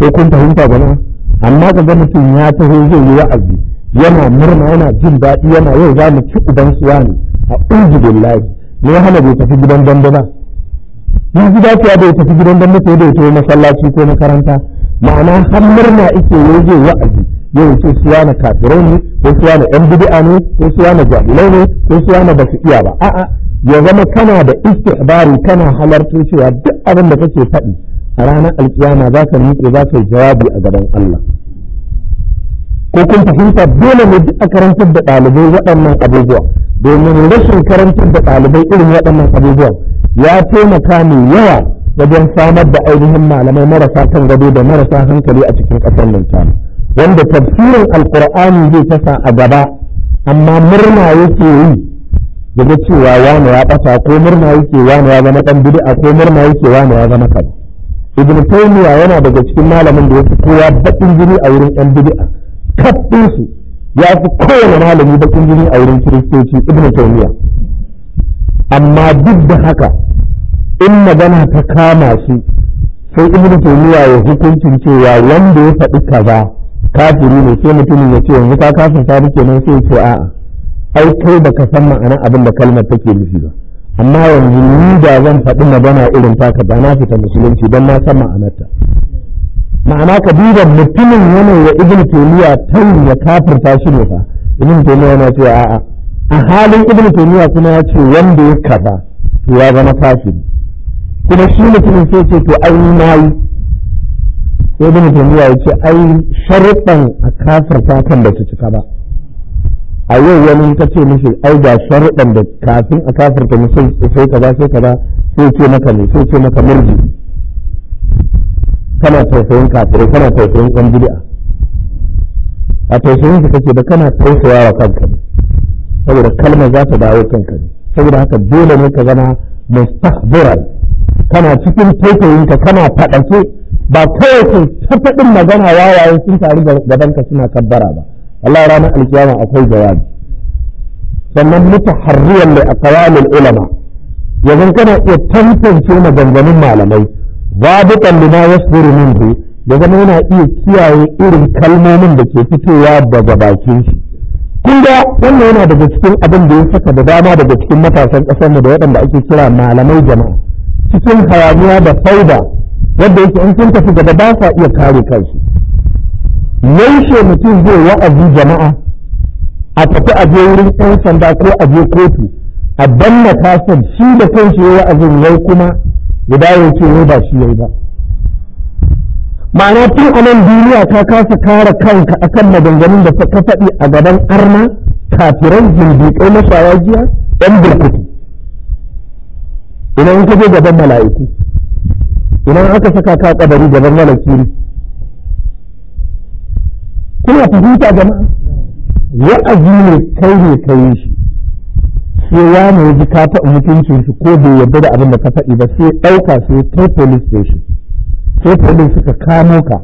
S1: ko kun fahimta gwana amma ka ga mutum ya taho zai yi wa'azi yana murna yana jin daɗi yana yau za mu ci uban suwa ne a uzu billahi me ya hana bai tafi gidan dandana ya ji dacewa bai tafi gidan dandana sai bai tafi masallaci ko makaranta ma'ana har murna ike yau zai wa'azi yau ce suwa na kafirai ne ko suwa na ɗan bid'a ne ko suwa na jahilai ne ko suwa na ba iya ba a'a ya zama kana da istihbari kana halartar cewa duk abin da kake faɗi a ranar alkiyama za ka miƙe za ka yi jawabi a gaban Allah ko kun fahimta dole ne a karantar da ɗalibai waɗannan abubuwa domin rashin karantar da ɗalibai irin waɗannan abubuwa ya taimaka mai yawa wajen samar da ainihin malamai marasa kan gado da marasa hankali a cikin ƙasar nan wanda tafsirin alkur'ani zai ta sa a gaba amma murna yake yi daga cewa wani ya ɓata ko murna yake wani ya zama ɗan bid'a ko murna yake wani ya zama kaza ibn taymiya yana daga cikin malamin da ya fi kowa baɗin jini a wurin ɗan bid'a kaɗinsu ya fi kowane malami bakin jini a wurin kiristoci ibn amma duk da haka in magana ta kama shi sai ibn taymiya ya hukuncin cewa wanda ya faɗi kaza kafiri ne sai mutumin ya ce yanzu ka kafin sabu kenan sai ce a'a ai kai baka san ma'anar abin da kalmar take nufi ba amma yanzu ni da zan faɗi magana irin taka ba na fita musulunci don na san ma'anarta ma'ana ka duba mutumin yanayi wa ibn taymiya tan ya kafirta shi ne fa ibn taymiya yana cewa a'a a halin ibn taymiya kuma ya ce wanda ya kaza to ya zama kafiri kuma shi mutumin sai ce to ai na yi sai ibn taymiya ya ce ai sharuɗan a kafirta kan da su cika ba a yau wani ka ce mishi ai ga sharuɗan da kafin a kafirta mutum sai kaza sai kaza sai ce maka ne sai ce maka murji kana tausayin kafirai kana tausayin ɗan bid'a a tausayin su kake da kana tausaya wa kanka ne saboda kalmar za ta dawo kanka ne saboda haka dole ne ka zama mustahdiran kana cikin tausayin ka kana faɗace ba kawai sun ta faɗin magana wawaye sun taru gaban ka suna kabbara ba Allah ranar alkiyama akwai jawabi sannan mutaharriyan da aqwalul ulama yanzu kana iya tantance maganganun malamai babu lima yasbiru minhu ya zama yana iya kiyaye irin kalmomin da ke fitowa daga bakin shi kun ga wannan yana daga cikin abin da ya saka da dama daga cikin matasan ƙasar mu da waɗanda ake kira malamai jama'a cikin hayaniya da fauda wanda yake an sun tafi gaba ba sa iya kare kansu yaushe mutum zai wa'azi jama'a a tafi a je wurin ɗan sanda ko a je kotu a danna kasan shi da kanshi ya wa'azin yau kuma guda ya ce ne ba shi yayi ba ma'ana tun a nan duniya ka kasa kare kanka a kan maganganun da ka faɗi a gaban arna kafiran zindiƙai na shawajiya ɗan burkutu idan ka je gaban mala'iku idan aka saka ka kabari gaban malakiri kuna fahimta gama wa'azi ne kai ne kai shi sai wani ya ji ka taɓa mutuncin su ko bai yarda da abin da ka faɗi ba sai ɗauka sai kai police station sai police suka kamo ka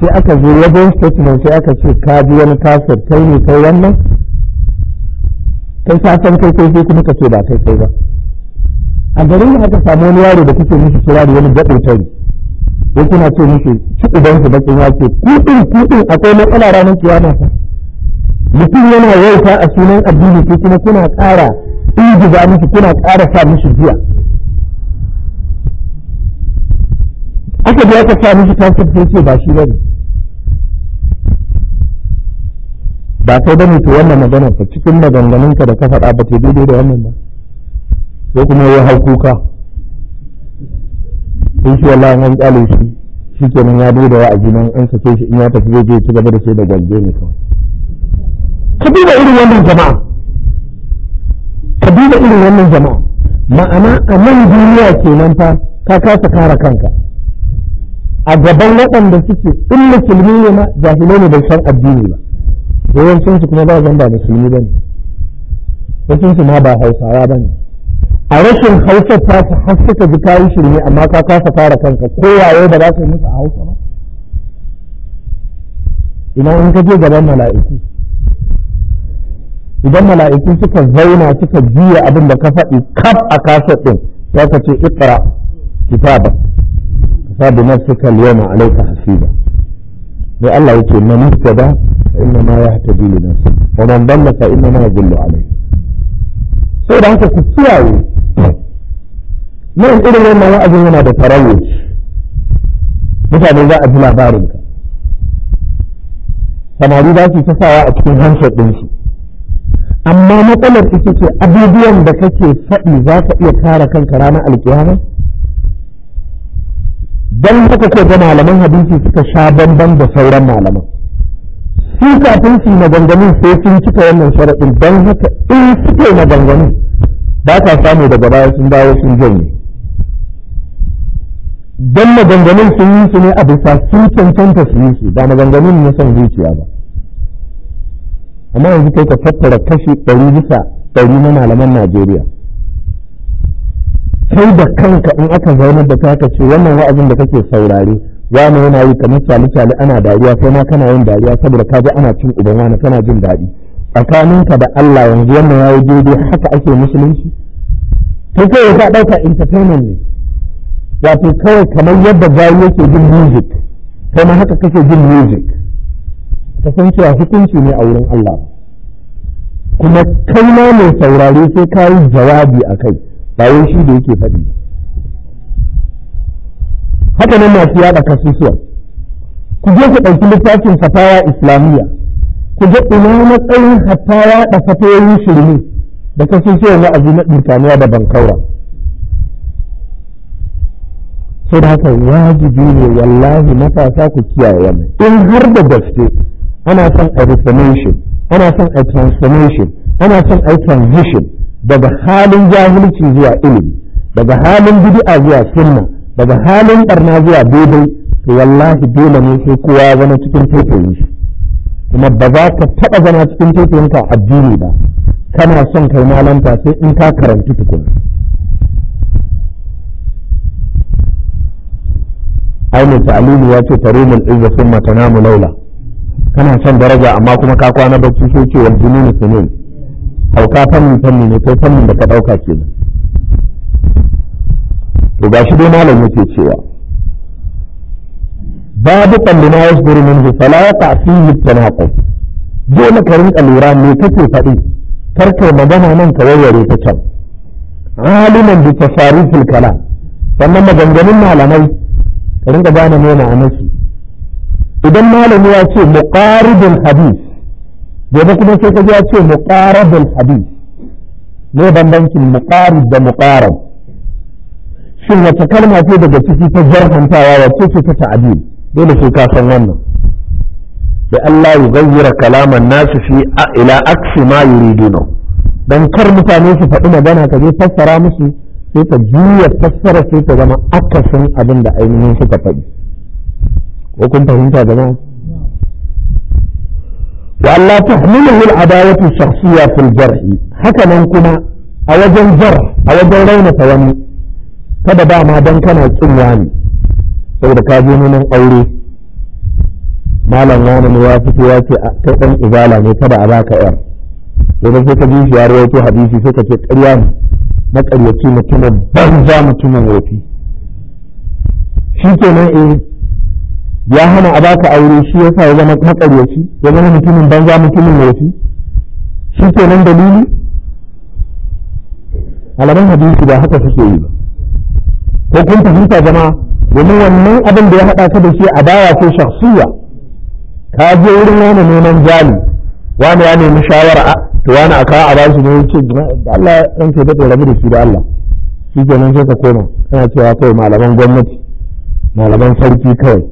S1: sai aka zo wajen statement sai aka ce ka ji wani kasar kai ne kai wannan kai sa san kai kai sai kuma ka ce ba kai kai ba a garin aka samu wani yaro da kuke mishi kira da wani gaɗo tari ya kuna ce mishi ci ubansu bakin ya ce kuɗin kuɗin akwai matsala ranar kiyama fa mutum yana yauta a sunan addini ko kuma kuna ƙara ingiza mishi kuna ƙara sa mishi jiya aka biya ka sa mishi kafin sai ce ba shi bane ba sai bane to wannan maganar ka cikin maganganunka da ka faɗa ba ta daidai da wannan ba sai kuma ya hau kuka in shi wallahi an kyale shi shi kenan ya duba wa a ginin an sake shi in ya tafi zai je ci gaba da sai da gange ne kawai ka duba irin wannan jama'a ka duba irin wannan jama'a ma'ana a nan duniya kenan fa ka kasa kara kanka a gaban waɗanda suke in musulmi ne ma jahilai ne bai san addini ba yawancin su kuma ba zan ba musulmi ba ne wasu su ma ba hausawa ba ne a rashin hausa ta su har suka ji kayan shirme amma ka kasa kara kanka ko waye ba za ka yi musu a hausa ba ina in ka je gaban mala'iku idan mala'iku suka zauna suka juya abin da ka faɗi kaf a kasar ɗin ya ka ce ikra kitaba sabi nafsika al-yawma alayka hasiba da Allah yake man ihtada inna ma yahtadi li nafsi wa man dalla fa inna ma yadullu alayhi sai da haka ku kiyaye nan irin wannan wa'azin yana da tarawih mutane za a ji labarin ka samari za su ta sawa a cikin hansar ɗinsu amma matsalar ita ce abubuwan da kake faɗi za ka iya kare kanka ranar alkiyama don haka ko ga malaman hadisi suka sha bamban da sauran malaman su kafin su maganganun sai sun cika wannan sharaɗin don haka in suka yi maganganun ba ka samu daga baya sun dawo sun janye don maganganun sun yi su ne a bisa sun cancanta su yi su ba maganganun na son zuciya ba amma yanzu kai ka tattara kashi ɗari bisa ɗari na malaman najeriya sai da kanka in aka zaunar da ka ce wannan wa'azin da kake saurare wani yana yi kamar sali-sali ana dariya kai ma kana yin dariya saboda ka ji ana cin uban wani kana jin daɗi tsakaninka da Allah yanzu wannan ya yi daidai haka ake musulunci to kai ya ka ɗauka entertainment ne wato kawai kamar yadda bayi yake jin music kai ma haka kake jin music ta san cewa hukunci ne a wurin Allah kuma kai ma mai saurare sai ka yi jawabi a kai bayan shi da yake faɗi haka nan masu yaɗa kasusuwa ku je ku ɗauki littafin fatawa islamiyya ku je ina matsayin hatta yaɗa fatoyin shirme da kasusuwa na abu na birtaniya da bankaura sai da haka wajibi ne wallahi matasa ku kiyaye wani in har da gaske ana son a reformation ana son a transformation ana son a transition daga halin jahilci zuwa ilimi daga halin bid'a zuwa sunna daga halin barna zuwa daidai to wallahi dole ne sai kowa zama cikin taitayin shi kuma ba za ka taɓa zama cikin taitayin ka addini ba kana son kai malanta sai in ka karanci tukuna ai mai ta'alimi ya ce tarumul izza summa namu laula kana son daraja amma kuma ka kwana bacci sai ce wal junun sunun hauka fannin fannin ne ko fannin da ka dauka kenan to gashi dai malam yake cewa babu kallina yasburu minhu fala ta'fihi tanaqub dole ka rinka lura me kake faɗi kar magana nan ka warware ta can aliman bi tasarifil kalam sannan maganganun malamai ka rinka gane na ma'anarsu idan malami ya ce muqaribul hadith gobe kuma sai ka ya ce muqaribul hadith ne bambancin muqarib da muqarab shin wata kalma ce daga ciki ta jarhantawa wacce ce ta ta'dil dole sai ka san wannan da Allah ya gayyara kalaman nasu fi ila aksi ma yuriduna dan kar mutane su faɗi magana ka je fassara musu sai ka juya fassara sai ta zama akasin abin da ainihin suka faɗi kun fahimta jama'a wa Allah tahmiluhu al-adawatu shakhsiyya fil jar'i haka nan kuma a wajen jar a wajen raunata wani kada ba ma dan kana kin wani saboda ka je neman aure malam wani ne ya fito ya ce kai dan izala ne kada a baka yar idan sai ka ji shi ya rawaito hadisi sai ka karya ƙarya ne maƙaryaci mutumin banza mutumin wofi shi kenan eh ya hana a baka aure shi ya sa ya zama makaryaci ya zama mutumin banza mutumin laifi shi ke nan dalili alamun hadisi ba haka suke yi ba ko kun fahimta zama domin wannan abin da ya haɗa ka da shi a baya ko shakhsiya ka je wurin wani neman jali wani ya nemi shawara to wani a kawo a ba shi ne ya ce Allah ɗan ke daɗe rabu da shi da Allah shi ke nan sai ka koma kana cewa kawai malaman gwamnati malaman sarki kawai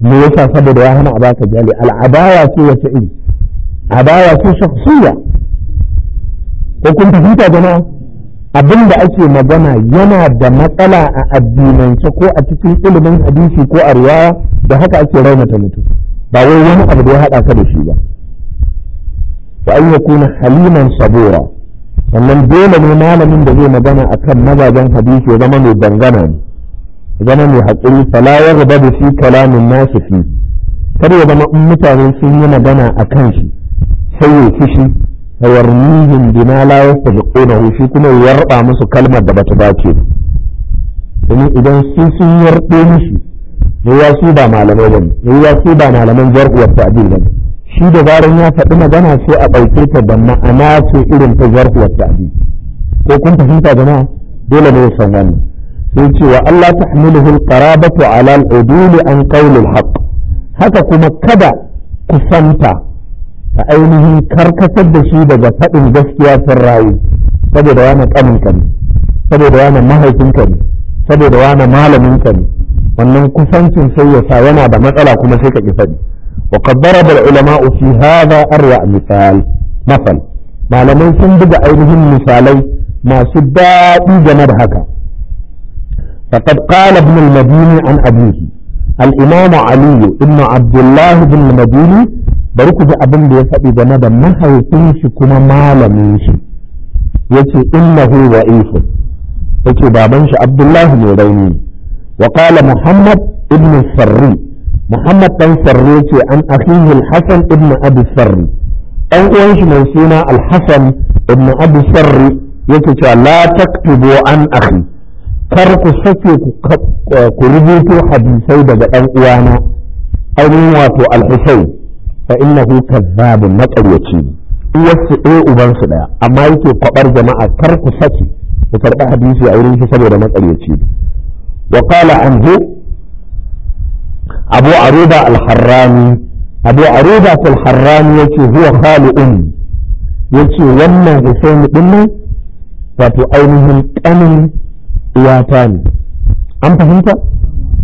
S1: me yasa saboda ya hana a baka jali al'adawa ce wace iri adawa ce shakhsiyya ko kun fahimta da abin da ake magana yana da matsala a addinance ko a cikin ilimin hadisi ko a riwaya da haka ake raunata mutum ba wai wani abu da ya haɗa ka da shi ba wa an yakuna haliman sabura sannan dole ne malamin da zai magana akan mazajen hadisi ya zama mai dangana ne zama mai haƙuri fala ya gaba da shi kalamin nasu fi kar ya zama in mutane sun yi magana a kan shi sai ya fushi a warnihin bima la yastahiquna shi kuma ya yarba musu kalmar da bata dace domin idan sun sun yarbe mishi ya su ba malamai bane ya su ba malaman jar'uwar ta'dil bane shi da zaran ya faɗi magana sai a ɗauke ta da ma'ana ce irin ta jar'uwar ta'dil ko kun fahimta jama'a dole ne ya san wannan sai ce wa Allah hamiluhu qarabatu ala al-udul an qawl al haka kuma kada kusanta ta ainihin karkatar da shi daga faɗin gaskiya sun rayu saboda wani kaninka ne saboda wani mahaifinka saboda wani malaminka wannan kusancin sai ya sa yana da matsala kuma sai ka ki faɗi wa qad daraba ulamau fi hadha arwa misal masal malamai sun buga ainihin misalai masu daɗi game da haka فقد قال ابن المديني عن أبيه الإمام علي ابن عبد الله بن المديني بركز أبن بيسأل جنبا ما هيتنش كما ما لمنش يتي إنه ضعيف يتي بابنش عبد الله بن ريني وقال محمد ابن السري محمد بن سري يتي عن أخيه الحسن ابن أبي السري أو أنش من سينا الحسن ابن أبي السري يتي لا تكتبوا عن أخي kar ku sake ku rubuto hadisai daga ɗan uwana ainihin wato al-husayn fa innahu kazzabun maƙaryaci ne wasu ɗaya ubansu ɗaya amma yake kwabar jama'a kar ku sake ku karɓi hadisi a wurin shi saboda maƙaryaci wa qala anhu abu aruba al abu aruba al yace huwa khalu ummi yace wannan husayn din nan wato ainihin ƙanin uwata ne an fahimta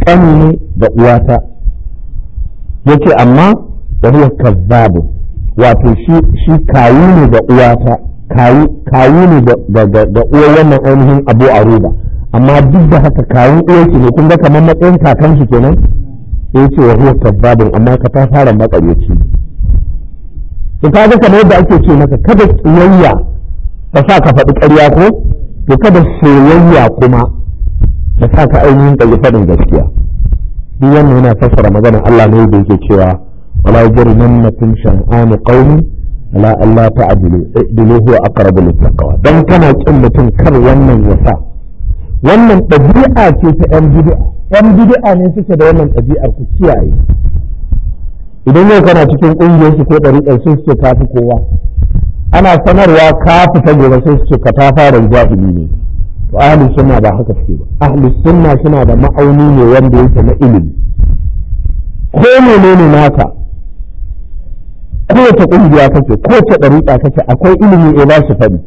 S1: ƙani ne da uwata yake amma da huwa kazzabu wato shi kayu ne da uwata kayu ne da uwa wannan ainihin abu a roba amma duk da haka kayu uwarki ne kun ga kamar matsayin kakansu kenan ya ce wa huwa kazzabun amma ka ta fara makaryaci ne ka ga kamar yadda ake ce maka kada kiyayya ka sa ka faɗi ƙarya ko to kada soyayya kuma da sa ka ainihin ɗage faɗin gaskiya duk wannan yana fassara magana Allah ne da yake cewa wala nan yajrimannakum shan'anu ƙauni ala ta ta'dilu i'dilu huwa aqrabu littaqwa dan kana ƙin mutum kar wannan ya sa wannan ɗabi'a ce ta yan bid'a yan bid'a ne suke da wannan ɗabi'ar ku kiyaye idan yau kana cikin ƙungiyar su ko ɗariƙar su suke tafi kowa ana sanarwa ka fita gobe sai su ce ka ta fara jahili ne to ahli sunna ba haka suke ba ahli sunna suna da ma'auni ne wanda yake na ilimi ko menene naka kowace kungiya kake kowace ɗariƙa kake akwai ilimi e ba su faɗi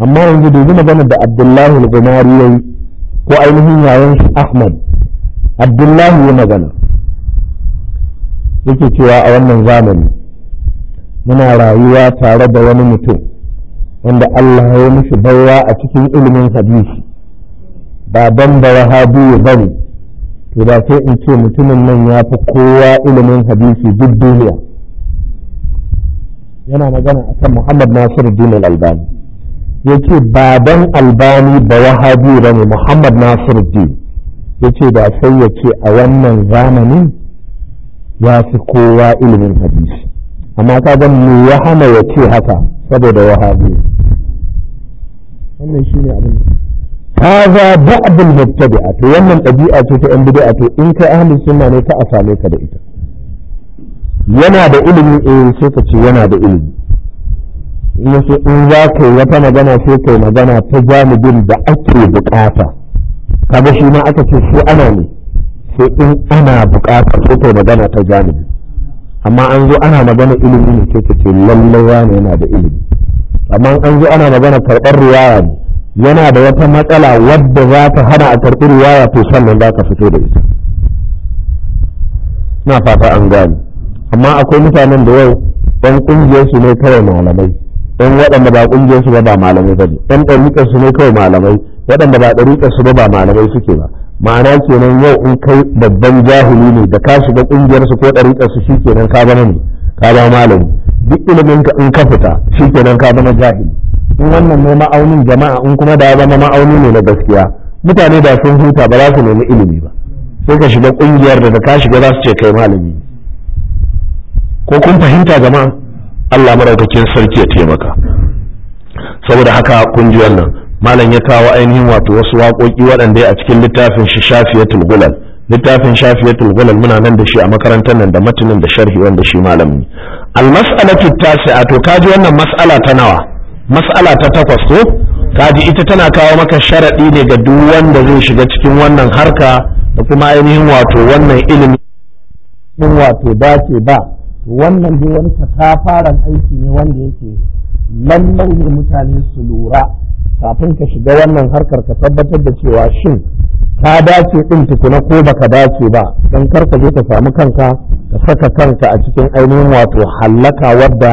S1: amma yanzu dubi magana da abdullahi al-gumari yayi ko ainihin yayan shi ahmad abdullahi ya magana yake cewa a wannan zamani muna rayuwa tare da wani mutum wanda Allah ya mishi baiwa a cikin ilimin hadisi baban da wahabi bane to da sai in ce mutumin nan ya fi kowa ilimin hadisi duk duniya yana magana akan Muhammad Nasiruddin Al-Albani ce baban Albani da wahabi bane Muhammad Ya yace da sai yace a wannan zamanin ya fi kowa ilimin hadisi amma ka ga mu ya hana ya ce haka saboda wahabi wannan shine abin da ba'd al-mubtadi'a to wannan ɗabi'a ce ta yan bid'a to in kai ahli sunna ne ta asale ka da ita yana da ilimi eh sai ka ce yana da ilimi in yace in za ka yi wata magana sai kai magana ta jami'in da ake bukata kaga shi ma aka ce su ana ne sai in ana bukata sai kai magana ta jami'in amma an zo ana magana ilimi ne sai ce lallai wani yana da ilimi amma an zo ana magana karɓar riwaya ne yana da wata matsala wadda za ta hana a karɓi riwaya to sannan za ka fito da ita na fata an gane amma akwai mutanen da yau ɗan ƙungiyarsu ne kawai malamai ɗan waɗanda ba ƙungiyarsu ba ba malamai ba ne ɗan su ne kawai malamai waɗanda ba ɗariƙarsu ba ba malamai suke ba ma'ana kenan yau in kai babban jahili ne da ka shiga kungiyar su ko ɗariƙar su shikenan ka zama ne ka ba malami duk ilimin ka in ka fita kenan ka zama jahili in wannan ne ma'aunin jama'a in kuma da ya zama ma'auni ne na gaskiya mutane da sun huta ba za su nemi ilimi ba sai ka shiga kungiyar da ka shiga za su ce kai malami ko kun fahimta jama'a Allah maraukakin sarki ya taimaka saboda haka kun nan malam ya kawo ainihin wato wasu waƙoƙi waɗanda a cikin littafin shi shafiyatul gulal littafin shafiyatul gulal muna nan da shi a makarantar nan da matinin da sharhi wanda shi malam ne al mas'alatu tasi'a to kaji wannan mas'ala ta nawa mas'ala ta takwas ko kaji ita tana kawo maka sharaɗi ne ga duk wanda zai shiga cikin wannan harka da kuma ainihin wato wannan ilimi din wato dace ba wannan duk wani ta fara aiki ne wanda yake lallai ne mutane su lura kafin ka shiga wannan harkar ka tabbatar da cewa shin ka dace ɗin tukuna ko baka dace ba don karka ka je ka samu kanka ka saka kanka a cikin ainihin wato hallaka wadda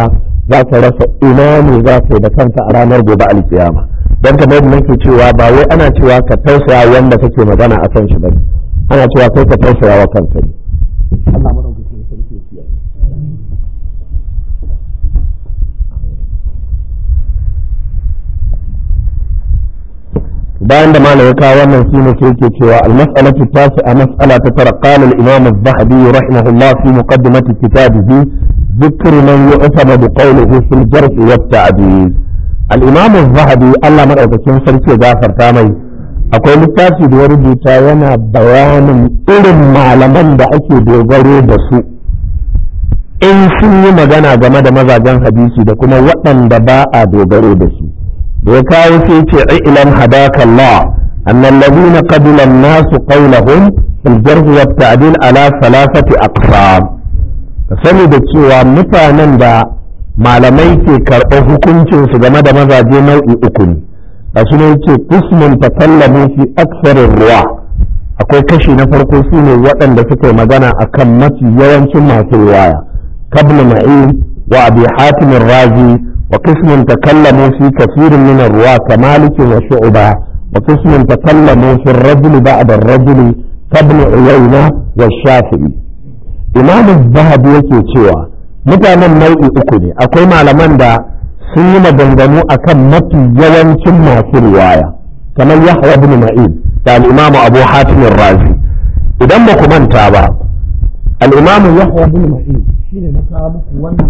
S1: za ka rasa ina za ka yi da kanka a ranar gobe alkiyama don kamar da nake cewa ba wai ana cewa ka tausaya wanda kake magana a kan shi ba ana cewa kai ka tausaya wa kanka ne bayan da malaya ka wannan shi ne ke yake cewa almas'alatu tasi a mas'ala ta tara qala al-imam az-zahabi rahimahullah fi muqaddimati kitabih dhikru man yu'tabu bi qawlihi fi al-jarh wa at-ta'dil al-imam az-zahabi Allah madaukakin sarki gafarta mai akwai littafi da ya rubuta yana bayanin irin malaman da ake dogaro da su in sun yi magana game da mazajen hadisi da kuma waɗanda ba a dogaro da su ya kawo sai ce ilam hadaka Allah annal ladina qabila an-nas qawlahum fil jarh wa ta'dil ala thalathati aqsam sani da cewa mutanen da malamai ke karɓar hukuncin su game da mazaje nau'i uku ne a suna yake qismun takallamu fi aktsarir ruwa akwai kashi na farko su ne waɗanda suka yi magana akan mafi yawancin masu waya kabla ma'in wa abi hatim razi وقسم تكلموا في كثير من الرواة كمالك وشعبة وقسم تكلموا في الرجل بعد الرجل كابن عيينة والشافعي إمام الذهب يكي cewa mutanen nau'i uku ne akwai malaman da sun yi maganganu akan mafi yawancin masu riwaya kamar yahya ibn ma'in da al-imamu abu hatim razi idan ba ku manta ba al-imamu yahya ibn ma'in shine na kawo wannan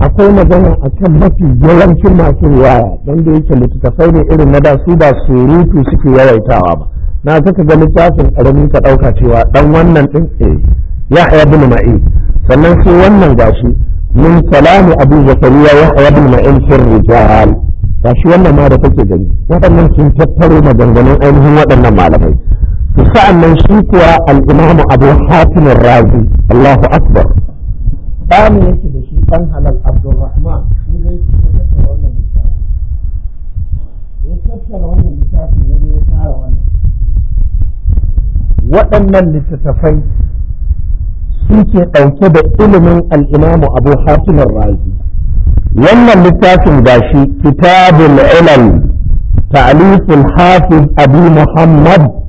S1: akwai magana a kan mafi yawancin masu riwaya don da yake littattafai ne irin na da su ba surutu suke yawaitawa ba na kaka ga littafin karamin ka ɗauka cewa dan wannan din eh ya haya bin ma'i sannan sai wannan gashi min kalami abu zakariya ya haya bin ma'in sun rijal gashi wannan ma da kake gani waɗannan sun tattaro maganganun ainihin waɗannan malamai su sa'an nan shi kuwa al'imamu abu hatimin razi allahu akbar ɗamu yake da dan halal ya tattara wannan littafi ya tattara wannan littafi ya tara wannan waɗannan littattafai suke ɗauke da ilimin al'imamu abu hatimin razi wannan littafin gashi kitabul ilal ta'alifin hafiz abu muhammad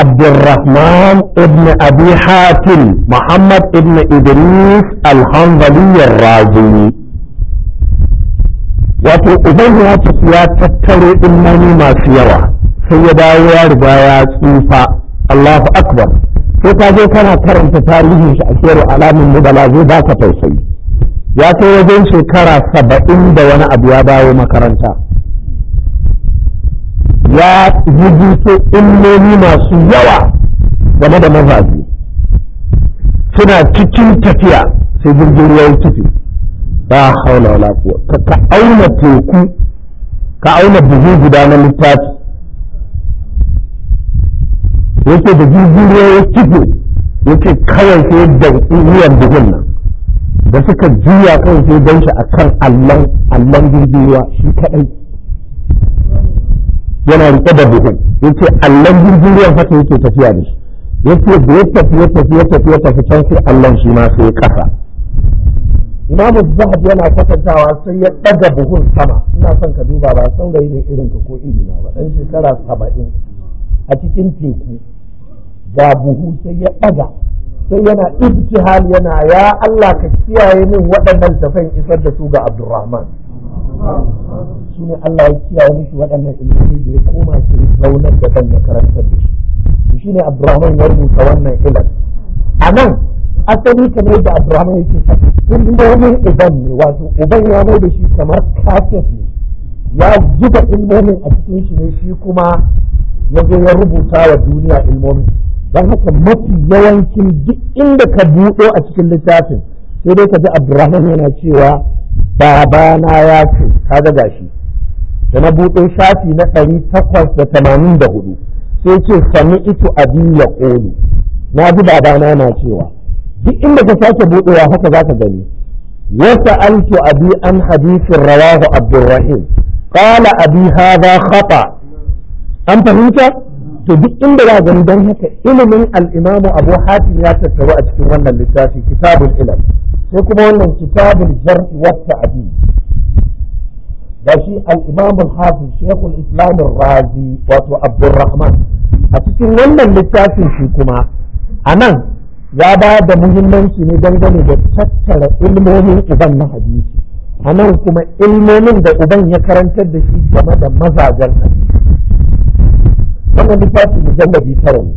S1: عبد الرحمن ابن أبي حاتم محمد ابن إدريس الحنظلي الرازي wato uban ya tafi ya imani masu yawa sai ya dawo ya riga ya tsufa Allahu akbar sai ka je kana karanta tarihin shi a shiru alamin mubala zai ba ka tausayi ya kai wajen shekara saba'in da wani abu ya dawo makaranta ya rubuto illoli masu yawa game da mazaje suna cikin tafiya sai jirgin ruwa ya tafi ba haula wala kuwa ka auna teku ka auna buhu guda na littafi yake da jirgin ruwa ya tafi yake kawai sai da wuyan buhun nan da suka juya kan sai don shi akan allon allon jirgin ruwa shi kadai yana rike da buhun yace allon jirgin ruwan haka yake tafiya da shi yace da ya tafi ya tafi ya tafi ya tafi can sai allon shi ma sai kasa imamu zahab yana kwatantawa sai ya ɗaga buhun sama ina son ka duba ba saurayi ne irin ka ko irina ba dan shekara saba'in a cikin teku ga buhu sai ya ɗaga sai yana ibtihal yana ya Allah ka kiyaye min waɗannan tafan isar da su ga Abdurrahman shi ne Allah ya kiyaye mishi waɗannan ilimi da ya koma shi zaunar da kan da da shi shi ne Abdurrahman ya rubuta wannan ilan a nan asali ne da Abdurrahman yake faɗi ilmomin uban ne wato uban ya mai da shi kamar kafin ya zuba ilmomin a cikin shi ne shi kuma ya zo ya rubuta wa duniya ilmomin don haka mafi yawancin duk inda ka buɗo a cikin littafin sai dai ka ji Abdurrahman yana cewa babana ya ce ga gashi da na buɗe shafi na ɗari takwas da tamanin da hudu sai ce sami ito abi ya ƙoli na ji babana na cewa duk inda ka sake buɗewa haka za ka gani wasa altu abi an hadisin rawahu abdurrahim qala abi hadha khata an fahimta to duk inda za gani don haka ilimin al abu hatim ya tattaru a cikin wannan littafi kitabul ilm sai kuma wannan kitabul jar wa ta'dil da shi al-imam al-hafiz shaykhul islam razi wato abdurrahman a cikin wannan littafin shi kuma anan ya ba da muhimmanci ne dangane da tattara ilmomin uban na hadisi a nan kuma ilmomin da uban ya karantar da shi game da mazajen hadisi wannan littafin mujallabi tara ne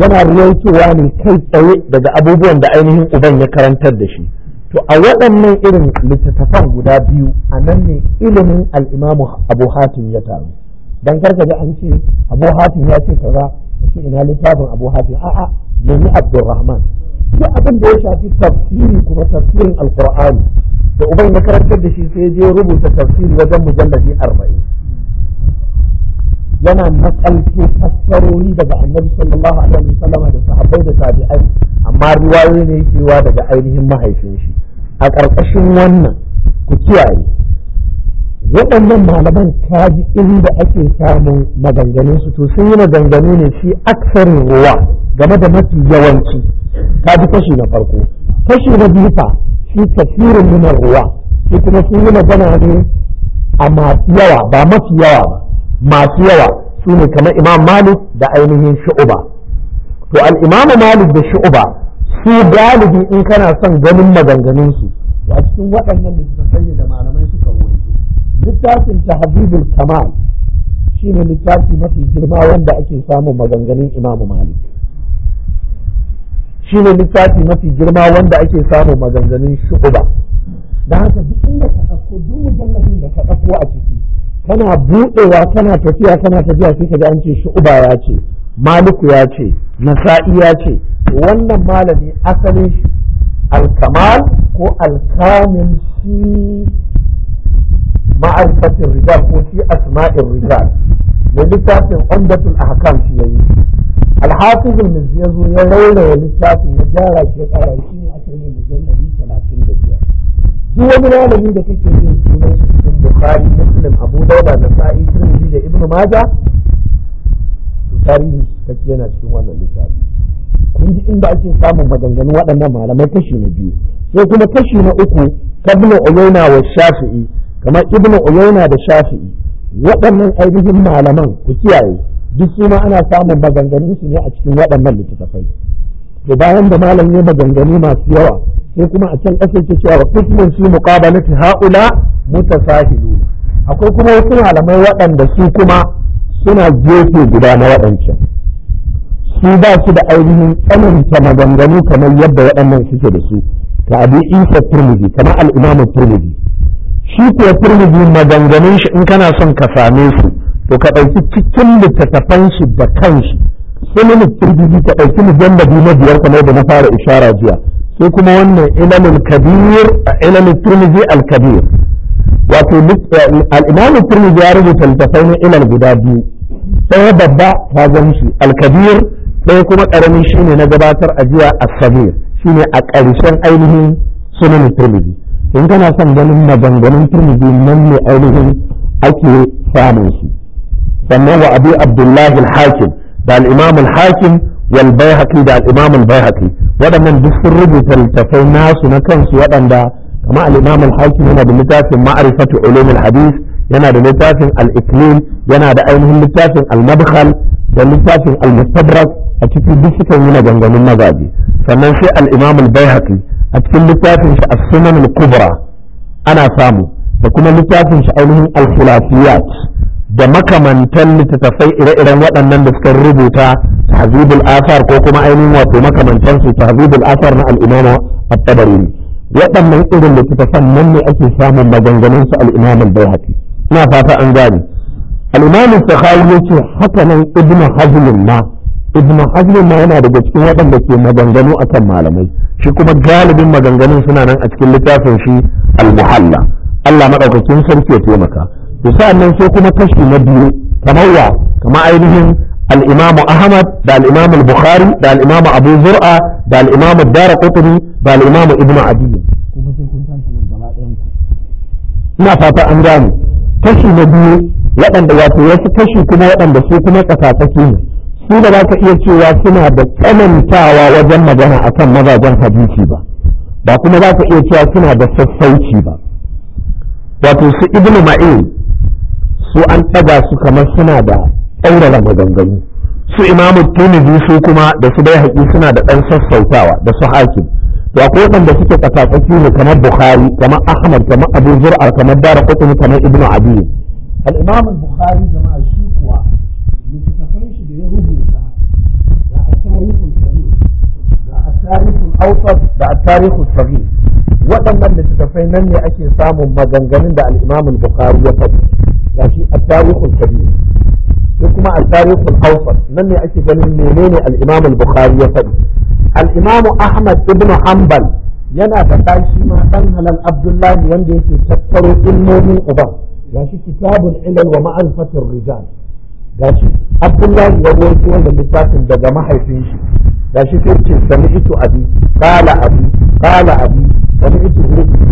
S1: yana ruwaitowa ne kai tsaye daga abubuwan da ainihin uban ya karantar da shi to a waɗannan irin littattafan guda biyu a nan ne ilimin al'imamu abu hatim ya taru dan karka ji an ce abu hatim ya ce kaza a ce ina littafin abu hatim a'a yanzu abdurrahman duk abin da ya shafi tafsiri kuma tafsirin alkur'ani da uban ya karantar da shi sai ya je rubuta tafsiri wajen mujalladi arba'in yana nakalto fassarori daga annabi sallallahu alaihi wasallam da sahabbai da tabi'ai amma riwayoyi ne yake daga ainihin mahaifin shi a ƙarƙashin wannan ku kiyaye waɗannan malaman kaji inda ake samun maganganun su to sun yi maganganu ne shi aksarin ruwa game da mafi yawanci kaji kashi na farko kashi na biyu fa shi tasirin nuna ruwa shi kuma sun yi magana ne a masu yawa ba mafi yawa ba masu yawa su ne kamar imam malik da ainihin shu'uba to al'imamu malik da shu'uba su galibi in kana son ganin maganganunsu a cikin waɗannan littattafai da malamai suka rawaito littafin tahzibul kamal ne littafi mafi girma wanda ake samun maganganun imamu malik ne littafi mafi girma wanda ake samun maganganun shu'uba da haka duk inda ka ɗauko duk mujalladin da ka ɗauko a ciki tana buɗewa tana tafiya tana tafiya sai ka an ce shu'uba ya ce maliku ya ce nasa'i ya ce wannan malami asalin shi alkamal ko alkamin shi ma'aikacin rijal ko shi asma'in rijal da littafin umdatul ahkam shi yayi alhafiz al-mizzi yazo ya rairaya littafin ya gyara shi ya tsara shi da asalin duk wani malami da kake yin sunan su cikin bukhari muslim abu dauda nasa'i tirmidhi da ibnu maja to tarihi kake yana cikin wannan littafi kun ji inda ake samun maganganun waɗannan malamai kashi na biyu sai kuma kashi na uku kabla oyona wa shafi'i kamar ibnu oyona da shafi'i waɗannan ainihin malaman ku kiyaye duk su ana samun maganganun su ne a cikin waɗannan littattafai to bayan da malam ya maganganu masu yawa sai kuma a can ƙasa ke cewa qismun fi muqabalati haula mutasahiluna akwai kuma wasu malamai waɗanda su kuma suna gefe guda na waɗancan su ba su da ainihin tsananta maganganu kamar yadda waɗannan suke da su ka abu isa turmiji kamar al'imamu turmiji shi kuwa turmiji maganganun shi in kana son ka same su to ka ɗauki cikin littattafan shi da kanshi sunan turmiji ka ɗauki mujallabi na biyar kamar da na fara ishara jiya sai kuma wannan ilalul kabir ilalul turmizi al kabir wato eh, al turmizi ya rubuta littafai na ilal guda biyu ɗaya babba ta zan shi al kabir ɗaya kuma ƙaramin shine na gabatar a jiya al kabir shine a ƙarshen ainihin sunan turmizi in kana son ganin maganganun turmizi nan ne ainihin ake samun shi sannan wa abu abdullahi al-hakim da al-imam al-hakim wal bayhaqi da al'imamin imam al-bayhaqi waɗannan duk rubuta littafai nasu na kansu waɗanda kama al-imam al-hakim yana da littafin ma'rifatu ulum al-hadith yana da littafin al-iklim yana da ainihin littafin al da littafin al-mustadrak a cikin duk sukan ganganin magaji sannan sai al'imamin imam al a cikin littafin shi as-sunan al-kubra ana samu da kuma littafin shi ainihin al da makamantan littattafai ire-iren waɗannan da suka rubuta tahzibul asar ko kuma ainihin wato makamantan su tahzibul asar na al-imam at-tabari waɗannan irin littattafan nan ne ake samun maganganun su al-imam al-bayhaqi ina fata an gane al-imam as yace haka nan ibn hazm ma ibn hazm ma yana daga cikin waɗanda ke maganganu akan malamai shi kuma galibin maganganun suna nan a cikin littafin shi al-muhalla Allah madaukakin sarki ya taimaka to sa'annan sai kuma kashi na biyu kamar wa kamar ainihin al-imamu ahmad da al-imamu bukhari da al-imamu abu zur'a da al-imamu darqutni da al-imamu ibnu adi ina fata an gane kashi na biyu waɗanda wato wasu kashi kuma waɗanda su kuma tsakatsaki ne su da za ka iya cewa suna da tsanantawa wajen magana akan mazajen hadisi ba ba kuma za ka iya cewa suna da sassauci ba wato su ibnu ma'il su an taga su kamar suna da ɗaurara maganganu su imamu tirmidhi su kuma da su bai haƙi suna da ɗan sassautawa da su haƙi to akwai waɗanda suke tsakatsaki ne kamar bukhari kamar ahmad kamar abu zur'a kamar dara kutumi kamar ibnu abi al-imam bukhari jama'a shi kuwa littafin shi da ya rubuta da at-tarikhul kabir da at-tarikhul awsat da at-tarikhul saghir waɗannan littattafai nan ne ake samun maganganun da al-imam bukhari ya faɗi gashi at-tarikhul kabir sai kuma al awsat nan ne ake ganin menene al-imam al-bukhari ya faɗi al-imam ahmad ibn hanbal yana faɗa shi ma dan halal abdullahi wanda yake tattaro ilmomin uba gashi kitabul ilal wa ma'rifatir rijal gashi abdullahi ya rawaito wannan littafin daga mahaifin shi gashi sai ce sami'tu abi qala abi qala abi sami'tu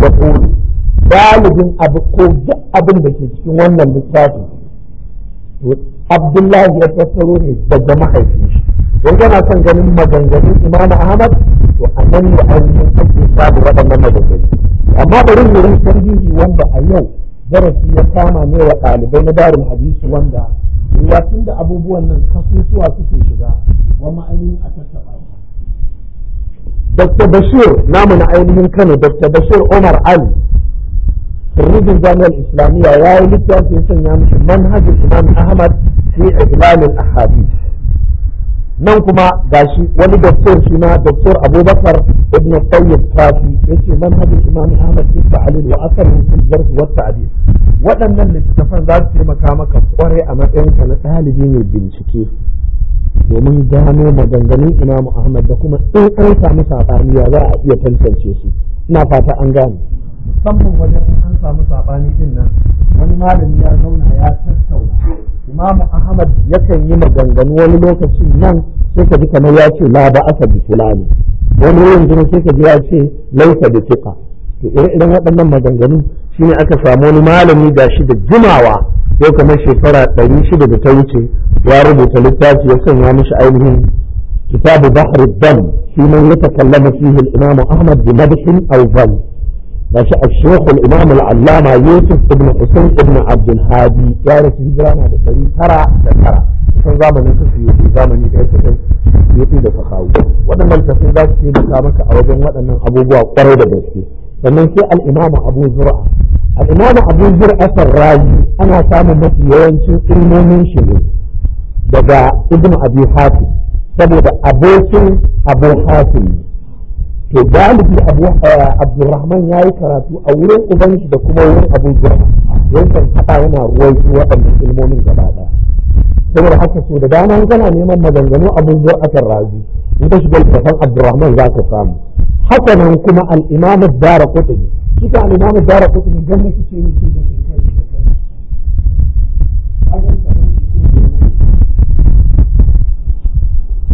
S1: wa qulu Dalibin abu ko duk abin da ke cikin wannan littafi abdullahi ya tattaro ne daga mahaifin shi don gana son ganin maganganun imam ahmad to a nan ne yi ake samu waɗannan maganganu amma bari mu yi tarihi wanda a yau darasi ya kama ne wa ɗalibai na darin hadisi wanda ruwa tun da abubuwan nan kasusuwa suke shiga wa ma'ani a tattaba Dr. Bashir namu na ainihin Kano Dr. Bashir Omar Ali ريد الجامعة الإسلامية يا ولد في سنة مش منهج الإمام أحمد في إجلال الأحاديث nan kuma shi wani doktor shi ma doktor abubakar ibn tayyib ya ce manhajin imam ahmad bin ba'alil wa asar fil jarh wa ta'dil waɗannan littattafan za su taimaka maka kware a matsayin ka na ɗalibi mai bincike domin gano maganganun imam ahmad da kuma in an samu sabani ya za a iya tantance su ina fata an gane musamman wajen an samu sabani din nan wani malami ya zauna ya tattauna imamu ahmad yakan yi maganganu wani lokacin nan sai ka ji kamar ya ce la ba aka bi fulani wani wurin jini sai ka ji ya ce laisa da fiqa to irin waɗannan maganganu shine aka samu wani malami da shi da jimawa yau kamar shekara ɗari shida da ta wuce ya rubuta littafi ya sanya mishi ainihin kitabu bahar dam fi man yatakallama fihi al-imam ahmad bi madhin aw gashi a shekul imam al'allama yusuf ibn hussein ibnu abdulhadi hadi ya rasu hijira da ɗari tara da tara kusan zamanin su su yi zamani da yake yafi da sakawu waɗannan tafsir za a wajen waɗannan abubuwa kwarai da gaske sannan sai al'imamu abu zura al'imamu abu zura sarrazi ana samun mafi yawancin ilmomin shi ne daga ibnu abi hatim saboda abokin abu hatim to galibi abu eh, abdurrahman ya yi karatu a wurin ubanshi da kuma wurin abu jurma yankan haɗa yana ruwaiki waɗannan ilmomin gaba ɗaya saboda haka so da dama kana neman maganganu abin jur'atar razi in ka shiga littafin abdurrahman za ka samu haka nan kuma al-imam ad-dara shi ka al-imam ad-dara qutbi ganin shi ce ne shi da shi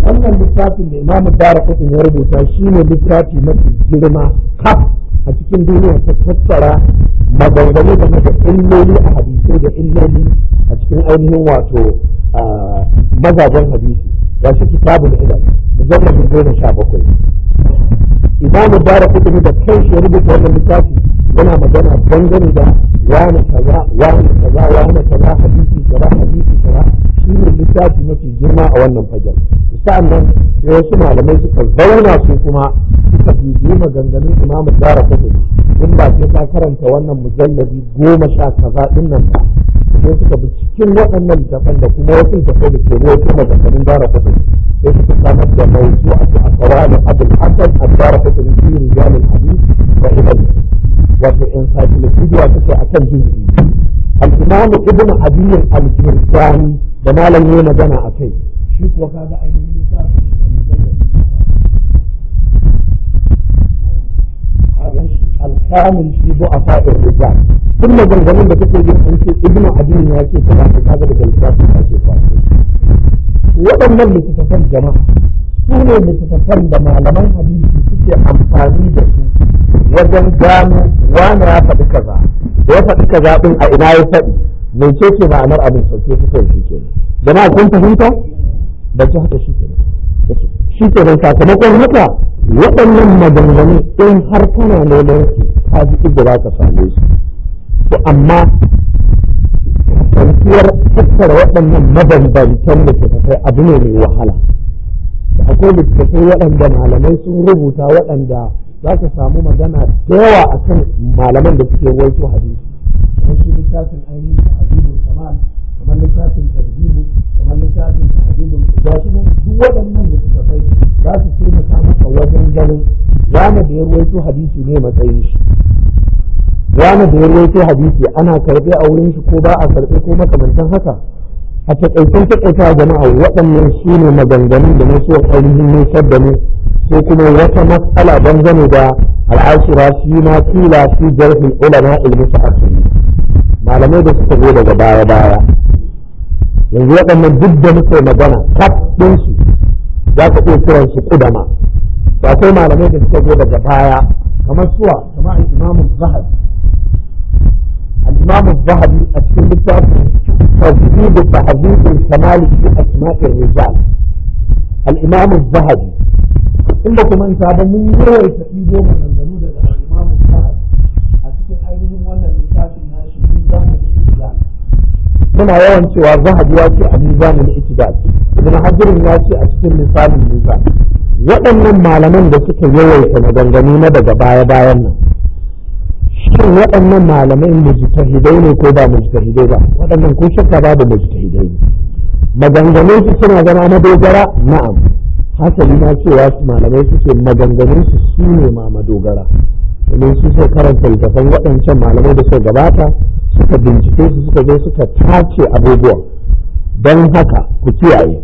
S1: wannan littafin da imamu dara kudin ya rubuta shi ne littafi mafi girma kaf a cikin duniya ta tattara maganganu game da illoli a hadisai da illoli a cikin ainihin wato mazajen hadisi ya shi zama ilal mujallar goma sha bakwai imamu dara kudin da kanshi ya rubuta wannan littafi yana magana dangane da wani kaza wani kaza wani kaza hadisi kaza hadisi kaza shi ne littafi mafi girma a wannan fajar sa'an nan sai wasu malamai suka zauna su kuma suka bibiyi maganganun imamu zara kudu in ba sai ka karanta wannan mujallabi goma sha kaza din nan ba sai suka bi cikin waɗannan littafan da kuma wasu littafai da ke ruwa maganganun zara kudu sai suka samar da mawuzu a kawai abul hasan a zara kudu fi rijalin hadisi wa ilmi wato encyclopedia suke a kan juz'i al-imamu ibn abiyyin al-jirjani da malam ne magana a kai shi kuwa kaga ainihin littafin al-kamil shi bu a fa'ir rijal duk maganganun da kake yin an ce ibnu abiyyin ya ce kaza kaga da littafin ka ce kwaso waɗannan littattafan jama'a su ne littattafan da malaman hadisi suke amfani da su wajen gano wani ya faɗi kaza da ya faɗi kaza ɗin a ina ya faɗi mai ce ma'anar abin sauke su kai shi ke jama'a kun fahimta ba ci haka shi ke shi ke nan sakamakon haka waɗannan maganganu in har kana neman su ka ji inda za ka same su to amma kwanciyar tattara waɗannan mabambantan littattafai abu ne mai wahala akwai littattafai waɗanda malamai sun rubuta waɗanda za ka samu magana da yawa a kan malaman da suke waito hadisi kamar shi littafin ainihin tahdibul kamal kamar littafin tarhibu kamar littafin tahdibul ga shi nan duk waɗannan littattafai za su taimaka maka wajen ganin wani da ya ruwaito hadisi ne matsayin shi wani da ya ruwaito hadisi ana karɓe a wurin shi ko ba a karɓe ko makamantan haka a taƙaicin da jama'a waɗannan su ne maganganun da masu ainihin nusar da mu su kuma wata matsala dangane da al'ashira shi ma kila su jarhin ulama ilmi sa'asiri malamai da suka zo daga baya baya yanzu waɗannan duk da muka magana kaf su za ka iya kiran su kudama ba sai malamai da suka zo daga baya kamar suwa kamar imamun zahar الإمام الذهبي أسئل التوحيد تجديد تهذيب الكمال في أسماء الرجال الإمام الذهبي إلا كما أنت هذا من يوم تقييده من الجنود الإمام الذهبي أسئل أيهم ولا للكاتب ناشي ميزان الإتدال هنا يوم سوى الذهب ياتي ميزان الإتدال ابن حجر ياتي أسئل لسان الميزان waɗannan malaman da suka yawaita maganganu na daga baya-bayan nan shin waɗannan malamai mujtahidai ne ko ba mujtahidai ba waɗannan ko shakka babu mujtahidai ne maganganun su suna zama dogara na'am hasali na cewa malamai su ce maganganun su su ne ma madogara domin su sai karanta littafan waɗancan malamai da suka gabata suka bincike su suka zo suka tace abubuwa don haka ku kiyaye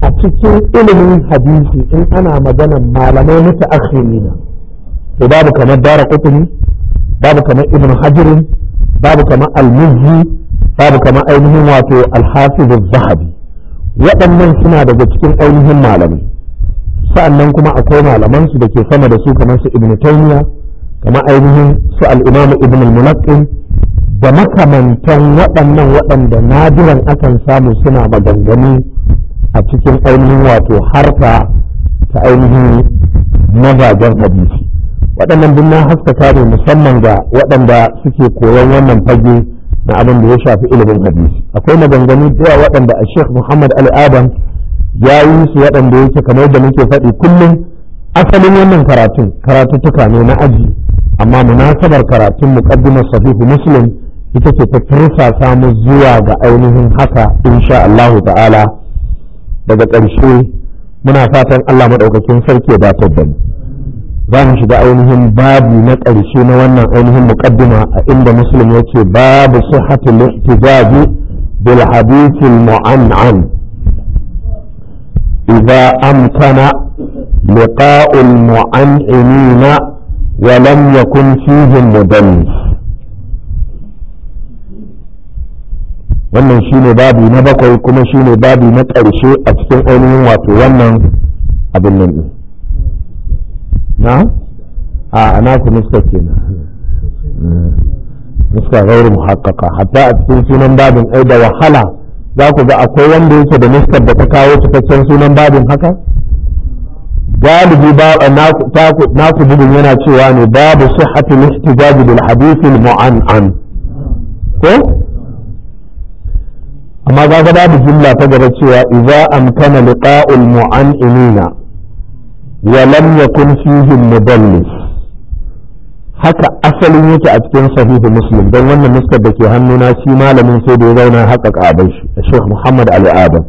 S1: a cikin ilimin hadisi in ana maganan malamai mutu akhirina to babu kamar dara kutumi babu kamar ibn hajirin babu kamar al babu kamar ainihin wato al zahabi waɗannan suna daga cikin ainihin malamai sa'annan kuma akwai malaman su da ke sama da su kamar su ibn taymiya kamar ainihin su al-imam ibn al da makamantan waɗannan waɗanda nadiran akan samu suna maganganu a cikin ainihin wato harka ta ainihin mazajen hadisi waɗannan duk na haskaka ne musamman ga waɗanda suke koyon wannan fage na abin da ya shafi ilimin hadisi akwai maganganu da waɗanda a sheikh muhammad ali adam ya yi su waɗanda yake kamar da muke faɗi kullum asalin wannan karatun karatuttuka ne na aji amma munasabar karatun muqaddimar sahihu muslim ita ce ta tursa samu zuwa ga ainihin haka insha Allahu ta'ala daga ƙarshe muna fatan Allah maɗaukakin sarki ya datar da mu za mu shiga ainihin babu na ƙarshe na wannan ainihin muqaddima a inda muslim ya ce babu sihhatul ihtijaji bil hadithil mu'an'an idza amkana liqa'ul mu'an'inina wa lam yakun fihi mudannis wannan shine babu na bakwai kuma shine babu na ƙarshe a cikin ainihin wato wannan abin nan na a ana ku nuska kenan eh. nuska gairu muhakkaka hatta a cikin sunan babin ai da wahala za ku ga akwai wanda yake da nuskar da ta kawo cikakken sunan babin haka galibi ba naku bugun yana cewa ne babu sihhatu lihtijaji bil hadith al mu'an'an ko amma za ga babu jumla ta gaba cewa idza amkana liqa'ul mu'an'inina walam yakun fihi mudallis haka asalin yake a cikin sahihu muslim don wannan nuskar da ke hannuna shi malamin sai da ya zauna haka ƙabar shi Sheikh Muhammad Ali Adam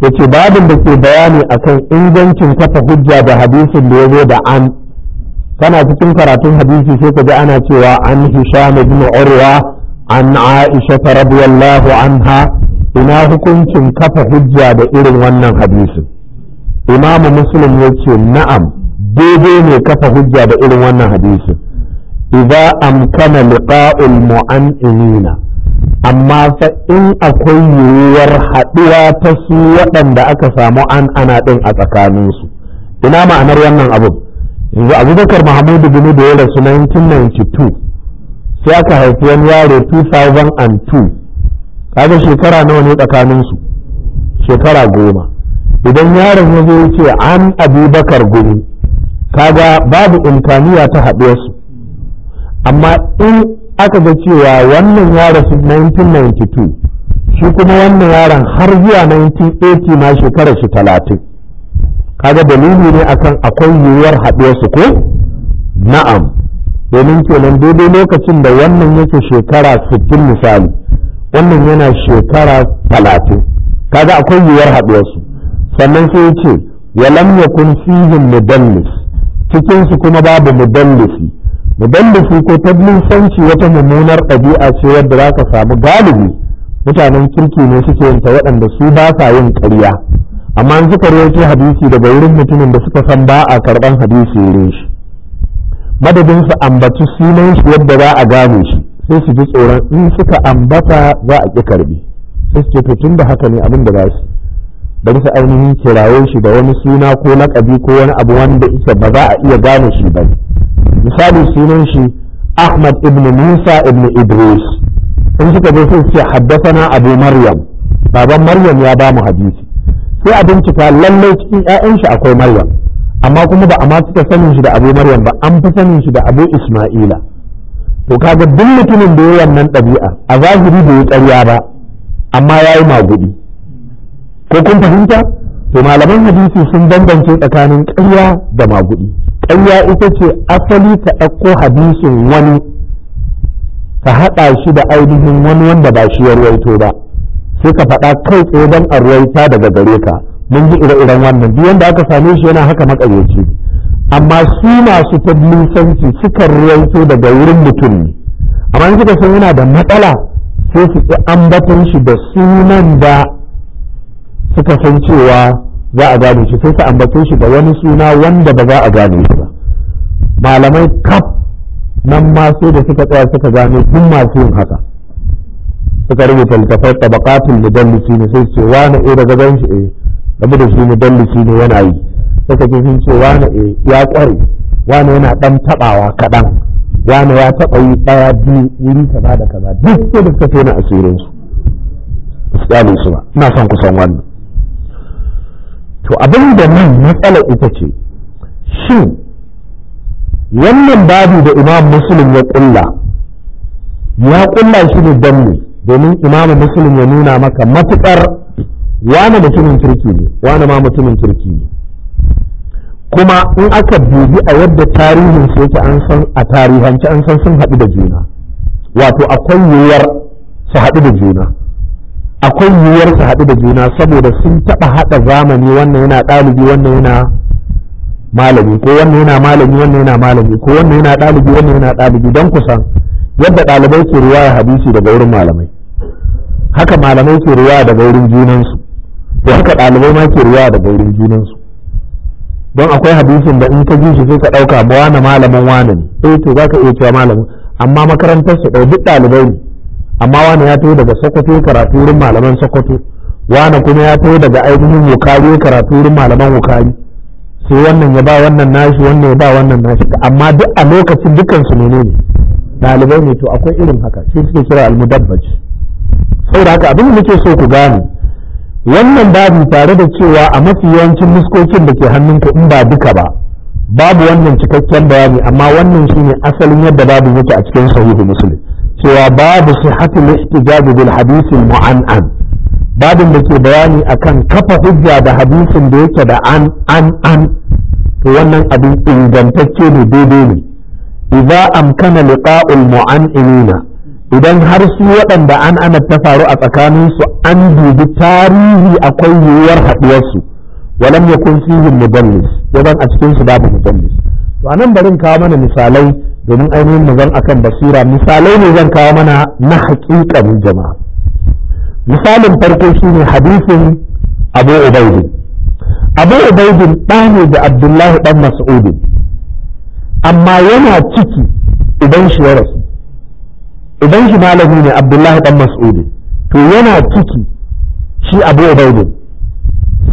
S1: yace babin da ke bayani akan ingancin kafa hujja da hadisin da ya zo da an kana cikin karatun hadisi sai ka ji ana cewa an Hisham ibn Urwa an Aisha radiyallahu anha ina hukuncin kafa hujja da irin wannan hadisin imamu muslim ya ce na'am daidai ne kafa hujja da irin wannan hadisin idza amkana liqa'ul mu'animina amma fa in akwai yiwuwar haɗuwa ta su waɗanda aka samu an ana ɗin a tsakaninsu ina ma'anar wannan abu. yanzu abubakar mahamudu bin da ya rasu 1992 sai aka haifi wani yaro 2002 kaga shekara nawa ne tsakaninsu shekara goma idan yaron ya zo ce an abubakar guri kaga babu imkaniya ta haɗe su amma in aka ga cewa wannan yaron su 1992 shi kuma wannan yaron har zuwa 1980 ma shekarar shi talatin kaga dalili ne akan akwai yiwuwar haɗe su ko na'am domin kenan daidai lokacin da wannan yake shekara 60 misali wannan yana shekara 30 kaga akwai yiwuwar haɗuwarsu sannan sai ce ya lamya yakun fihim mudallis cikin su kuma babu mudallisi mudallisi ko tablisanci wata mummunar ɗabi'a ce wadda za ka samu galibi mutanen kirki ne suke yin ta waɗanda su ba sa yin ƙarya amma an suka rawaito hadisi daga wurin mutumin da suka san ba a karɓan hadisi wurin shi madadin su ambaci sunan shi yadda za a gane shi sai su ji tsoron in suka ambata za a ƙi karbi sai su ce to tun da haka ne abin da za su ba su ainihin kiraye shi da wani suna ko laƙabi ko wani abu wanda ita ba za a iya gane shi ba misali sunan shi ahmad ibn musa ibn idris in suka je sun ce haddasana abu maryam baban maryam ya ba mu hadisi sai a bincika lallai cikin 'ya'yan shi akwai maryam amma kuma ba a ma suka sanin shi da abu maryam ba an fi sanin shi da abu isma'ila to kaga duk mutumin da ya wannan ɗabi'a a zahiri bai yi ƙarya ba amma ya yi maguɗi ko kun fahimta to malaman hadisi sun bambance tsakanin ƙarya da magudi ƙarya ita ce asali ta ɗauko hadisin wani ka haɗa shi da ainihin wani wanda ba shi ya ruwaito ba sai ka faɗa kai tsaye don a ruwaita daga gare ka mun ji ire-iren wannan duk wanda aka same shi yana haka makaryaci amma su masu tablisanci sukan ruwaito daga wurin mutum ne amma in suka san yana da matsala sai su ƙi ambaton shi da sunan da suka san cewa za a gane shi sai su ambace shi da wani suna wanda ba za a gane shi ba malamai kaf nan ma sai da suka tsaya suka gane tun masu yin haka suka rubuta littafai da mudallisi ne sai ce wani eh daga gan shi eh da shi ne mudallisi ne yana yi suka ce sun ce wani eh ya kware wani yana ɗan taɓawa kaɗan wani ya taba yi ɗaya biyu wuri kaza da kaza duk sai da suka tona asirin su su ba ina son kusan wannan to abin da nan matsala ita ce shin wannan babu da imam muslim ya kulla ya kulla shi ne don ne domin imam muslim ya nuna maka matukar wani mutumin kirki ne wani ma mutumin kirki ne kuma in aka dubi a yadda tarihin su yake an san a tarihance an san sun haɗu da juna wato akwai yiwuwar su haɗu da juna akwai yiwuwar su haɗu da juna saboda sun taɓa haɗa zamani wannan yana ɗalibi wannan yana malami ko wannan yana malami wannan yana malami ko wannan yana ɗalibi wannan yana ɗalibi don kusan yadda ɗalibai ke riwaya hadisi daga wurin malamai haka malamai ke ruwa daga wurin junansu da haka ɗalibai ma ke ruwa daga wurin junansu don akwai hadisin da in ka ji shi sai ka ɗauka ba wani malamin wani ne eh to za ka iya cewa malamin amma makarantar su ɗau duk ɗalibai ne amma wani ya taho daga sokoto karatu wurin malaman sokoto wani kuma ya taho daga ainihin wukari karatu wurin malaman wukari sai wannan ya ba wannan nashi wannan ya ba wannan nashi amma duk a lokacin dukansu ne, ɗalibai ne to akwai irin haka shi suke kira almudabbaj saboda haka abin da muke so ku gane wannan babu tare da cewa a mafi yawancin muskokin da ke hannunku in ba duka ba babu wannan cikakken bayani amma wannan shine asalin yadda babu yake a cikin sahihu muslim cewa babu sihhatul ihtijaji bil hadisin mu'an'an babin da ke bayani akan kafa hujja da hadisin da yake da an an an to wannan abin ingantacce ne daidai ne idza amkana liqa'ul mu'an'inina idan har su waɗanda an ana ta faru a tsakaninsu an dubi tarihi akwai yiwuwar haɗuwarsu walam yakun fihi mudallis yadan a cikin su babu mudallis to anan barin kawo mana misalai domin ainihin mu zan akan basira misalai ne zan kawo mana na haƙiƙanin jama'a misalin farko shine hadisin abu ubaidi abu ubaidin ɗa ne da abdullahi ɗan mas'udi amma yana ciki idan shi ya rasu idan shi malami ne abdullahi ɗan mas'udi to yana ciki shi abu ubaidin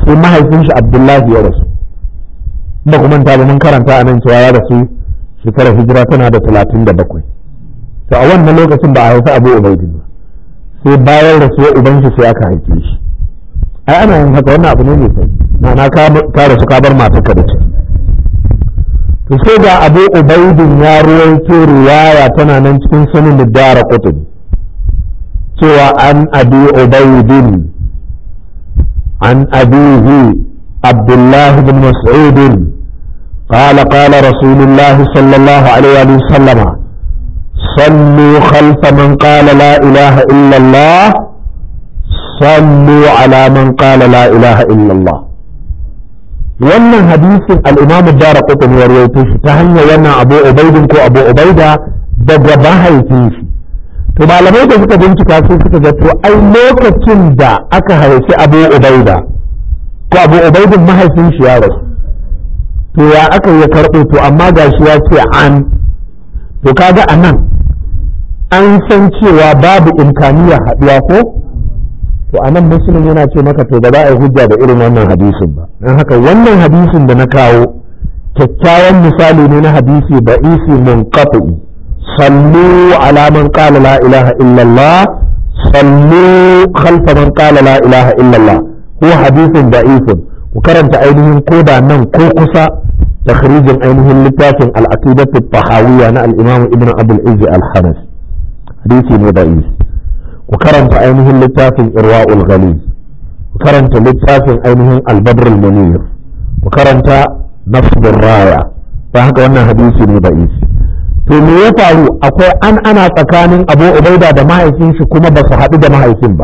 S1: sai mahaifin shi abdullahi ya rasu ba kuma karanta a nan cewa ya rasu shekarar hijira tana da talatin da bakwai to a wannan lokacin ba a haifi abu ubaidin ba sai bayan rasuwa uban shi sai aka haife shi ai ana yin haka wannan abu ne mai sai ma'ana ka rasu ka bar matarka da ciki to sai ga abu ubaidi ya ruwaito riwaya tana nan cikin sanin da dara kutub cewa an abi ubaidin an abihi abdullahi bin mas'udin قال قال رسول الله صلى الله عليه وسلم صلوا خلف من قال لا إله إلا الله صلوا على من قال لا إله إلا الله wannan hadisin al'imamu dara kutun ya shi ta hanyar wannan abu ubaidin ko abu ubaida daga mahaifin shi to malamai da suka bincika sun suka ga to ai lokacin da aka haifi abu ubaida ko abu ubaidin mahaifin shi ya rasu to ya aka yi karɓo to amma gashi ya ce an to kaga a nan an san cewa babu imkaniya haɗuwa ko to a nan musulun yana ce maka to ba za a yi hujja da irin wannan hadisin ba don haka wannan hadisin da na kawo kyakkyawan misali ne na hadisi da isi mun kafi sallu alaman kala la ilaha illallah sallu khalfa man kala la ilaha illallah ko hadisin da isin ku karanta ainihin koda nan ko kusa takhrijin ainihin littafin al-aqidatu tahawiyya na al-imam ibn abul izzi al-hanas hadisi ne da'i ku karanta ainihin littafin irwaul ghali ku karanta littafin ainihin al-badr al-munir ku karanta nafsul raya ba haka wannan hadisi ne da'i to me ya faru akwai an ana tsakanin abu ubaida da mahaifin kuma ba su haɗu da mahaifin ba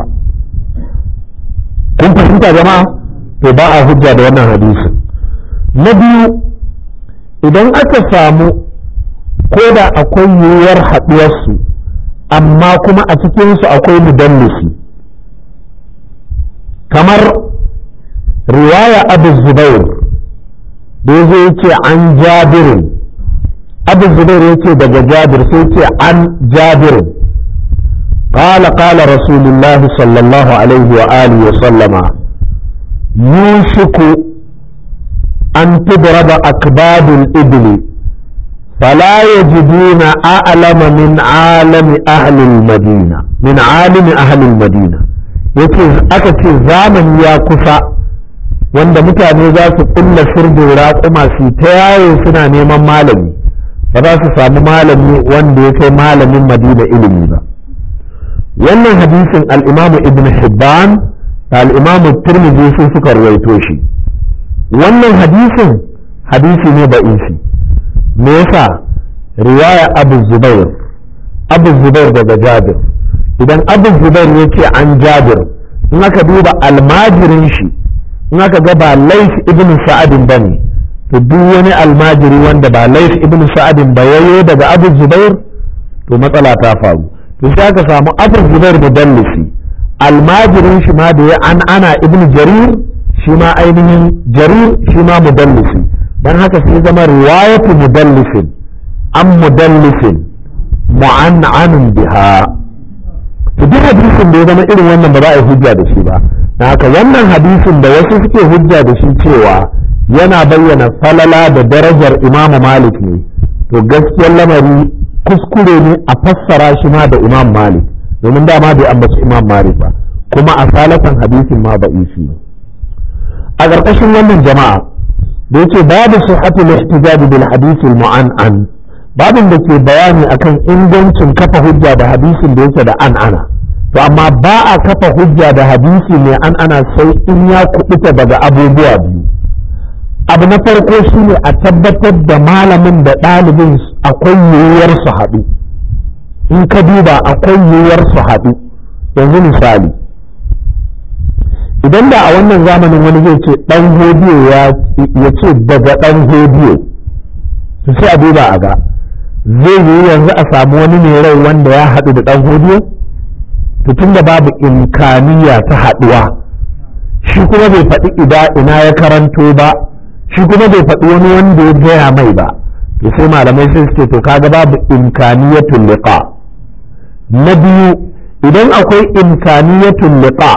S1: kun fahimta jama'a to ba a hujja da wannan hadisin na biyu idan aka samu ko da akwai yiwuwar haɗuwarsu amma kuma a cikinsu akwai mudallisi kamar riwaya abu zubair da ya yake an jabirin abu zubair yake daga jabir sai ce an jabirin قال قال رسول الله صلى الله عليه وآله وسلم yusufu an tudraba akbadul ibli فلا يجدون أعلم من عالم أهل المدينة من عالم أهل المدينة yace aka ce zamani ya kusa wanda mutane za su kulla sirdu raƙuma si ta yawo suna neman malami ba za su samu malami wanda ya kai malamin madina ilimi ba wannan hadisin al-imamu ibn hibban al'imamu turmizi sun suka ruwaito shi wannan hadisin hadisi ne da isi me yasa riwaya abu zubair abu zubair daga jabir idan abu zubair ya ce an jabir in aka duba almajirin shi in aka ga ba laif ibn sa'adin ba ne to duk wani almajiri wanda ba laif ibn sa'adin ba yayo daga abu zubair to matsala ta faru to sai ka samu abu zubair mudallisi almajirin shi ma da ya an ana ibn jarir shi ma ainihin jarir shi ma mudallisi don haka sai zama riwayatu mudallisin an mudallisin mu'annanun biha to duk hadisin da ya zama irin wannan ba za a yi hujja da shi ba na haka wannan hadisin da wasu suke hujja da shi cewa yana bayyana falala da darajar imam malik ne to gaskiyar lamari kuskure ne a fassara shi ma da imam malik domin dama bai ambaci imam malik ba kuma a salatan hadisin ma ba shi a ƙarƙashin wannan jama'a da yake babu sihhatul ihtijaj bil hadith mu'an'an babin da ke bayani akan ingancin kafa hujja da hadisin da yake da an'ana to amma ba a kafa hujja da hadisi mai an'ana sai in ya kubuta daga abubuwa biyu abu na farko shine a tabbatar da malamin da ɗalibin akwai yiwuwar su haɗu in ka duba akwai yiwuwar su haɗu yanzu misali idan da a wannan zamanin wani zai ce ɗan hodiyo ya ce daga ɗan hodiyo su sai a duba a ga zai yi yanzu a samu wani ne rai wanda ya haɗu da ɗan hodiyo tun da babu imkaniya ta haɗuwa shi kuma bai faɗi ida ina ya karanto ba shi kuma bai faɗi wani wanda ya gaya mai ba to sai malamai sai suke to kaga babu imkaniyatul liqa na biyu idan akwai imkaniyatun liqa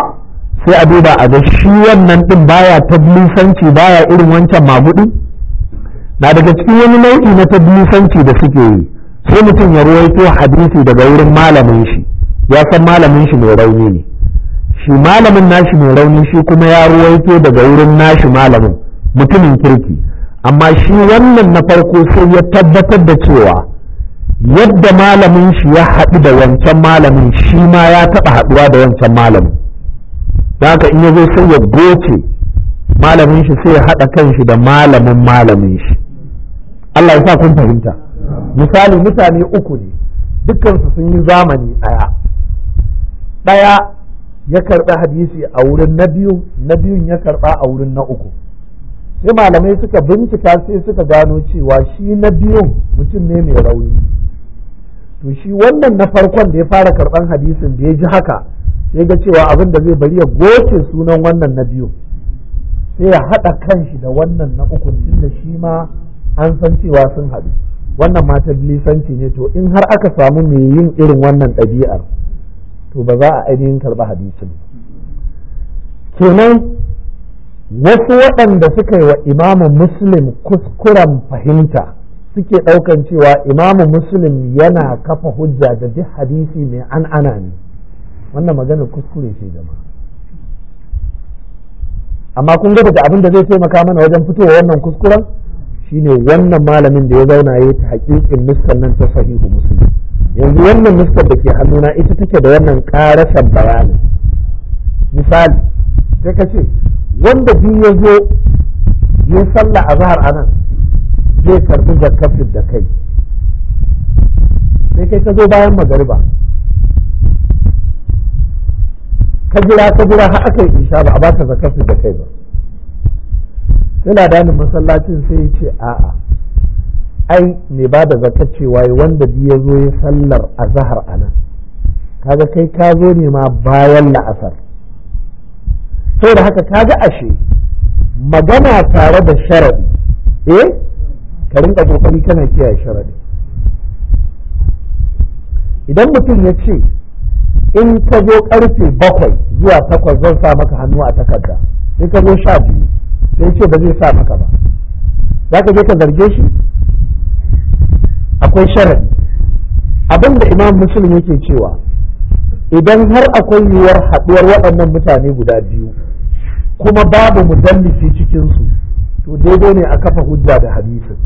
S1: sai a duba a ga shi wannan din baya tablisanci baya irin wancan magudi na daga cikin wani nau'i na tablisanci da suke yi sai mutum ya ruwaito hadisi daga wurin malamin shi ya san malamin shi mai rauni ne shi malamin nashi mai rauni shi kuma ya ruwaito daga wurin nashi malamin mutumin kirki amma shi wannan na farko sai ya tabbatar da cewa yadda malamin shi ya haɗu da wancan malamin shi ma ya taɓa haɗuwa da wancan malamin da haka in ya zo sai ya goce malamin shi sai ya haɗa kanshi da malamin malamin shi Allah ya sa kun fahimta misali mutane uku ne dukkansu sun yi zamani ɗaya ɗaya ya karɓi hadisi a wurin na biyu na biyun ya karɓa a wurin na uku sai malamai suka bincika sai suka gano cewa shi na biyun mutum ne mai rauni to shi wannan na farkon da ya fara karban hadisin da ya ji haka sai ga cewa abin da zai bari ya goce sunan wannan na biyu sai ya haɗa kanshi da wannan na uku da shi ma an san cewa sun haɗu wannan mata lisanci ne to in har aka samu mai yin irin wannan ɗabi'ar to ba za a ainihin karɓi hadisin kenan wasu waɗanda suka yi wa imamu muslim kuskuren fahimta suke ɗaukan cewa imamu musulun yana kafa hujja da duk hadisi mai an ana ne wannan maganar kuskure ce jama'a amma kun ga daga abin da zai taimaka mana wajen fitowa wannan kuskuren shine wannan malamin da ya zauna ya ta haƙiƙin nuskar nan ta sahihu musulun yanzu wannan nuskar da ke hannuna ita take da wannan ƙarashen bayanin misali sai ka ce wanda biyu ya zo ya sallah a zahar anan zai karbi zakafin da kai sai kai ka zo bayan magariba ka jira ka jira har aka yi isha ba a baka zakafin da kai ba suna dani masallacin sai ya ce a'a ai mai ba da zakka cewa wanda ya zo ya sallar azahar a nan kaga kai ka zo ne ma bayan la'asar da haka kaga ashe magana tare da sharadi eh ka rinka kokari kana kiyaye sharadi idan mutum ya ce in ka zo karfe bakwai zuwa takwas zan sa maka hannu a takarda sai ka zo sha biyu sai ce ba zai sa maka ba za ka je ka zarge shi akwai sharadi abin da imam musulun yake cewa idan har akwai yiwuwar haɗuwar waɗannan mutane guda biyu kuma babu mudallisi cikinsu to daidai ne a kafa hujja da hadisin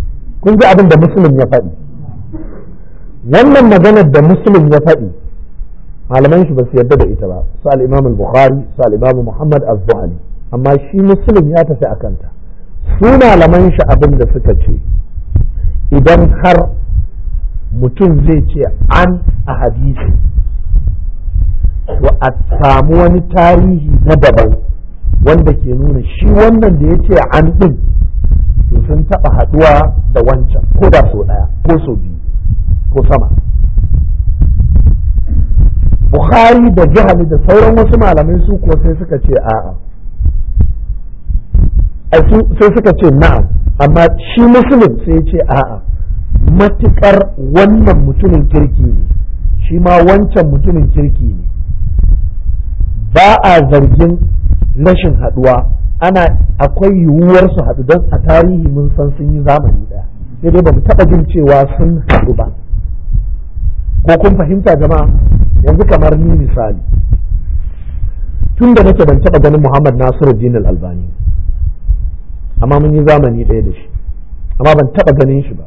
S1: kun ji abin da musulun ya faɗi wannan maganar da musulun ya faɗi malaman shi ba su yarda da ita ba su al-imam al-bukhari su al-imam muhammad az-zuhali amma shi musulun ya tafi a kanta su malaman shi abin da suka ce idan har mutum zai ce an a hadisi to a samu wani tarihi na daban wanda ke nuna shi wannan da ya ce an ɗin to sun taɓa haɗuwa da wancan ko da so ɗaya ko so biyu ko sama bukhari da jihali da sauran wasu malamai su ko sai suka ce a'a sai suka ce na'am amma shi musulun sai ce a'a matukar wannan mutumin kirki ne shi ma wancan mutumin kirki ne ba a zargin rashin haɗuwa ana akwai yiwuwar su haɗu don a tarihi mun san sun yi zamani ɗaya sai dai ba mu taɓa jin cewa sun haɗu ba ko kun fahimta jama'a yanzu kamar ni misali tun da nake ban taɓa ganin muhammad nasiru jinal albani amma mun yi zamani ɗaya da shi amma ban taɓa ganin shi ba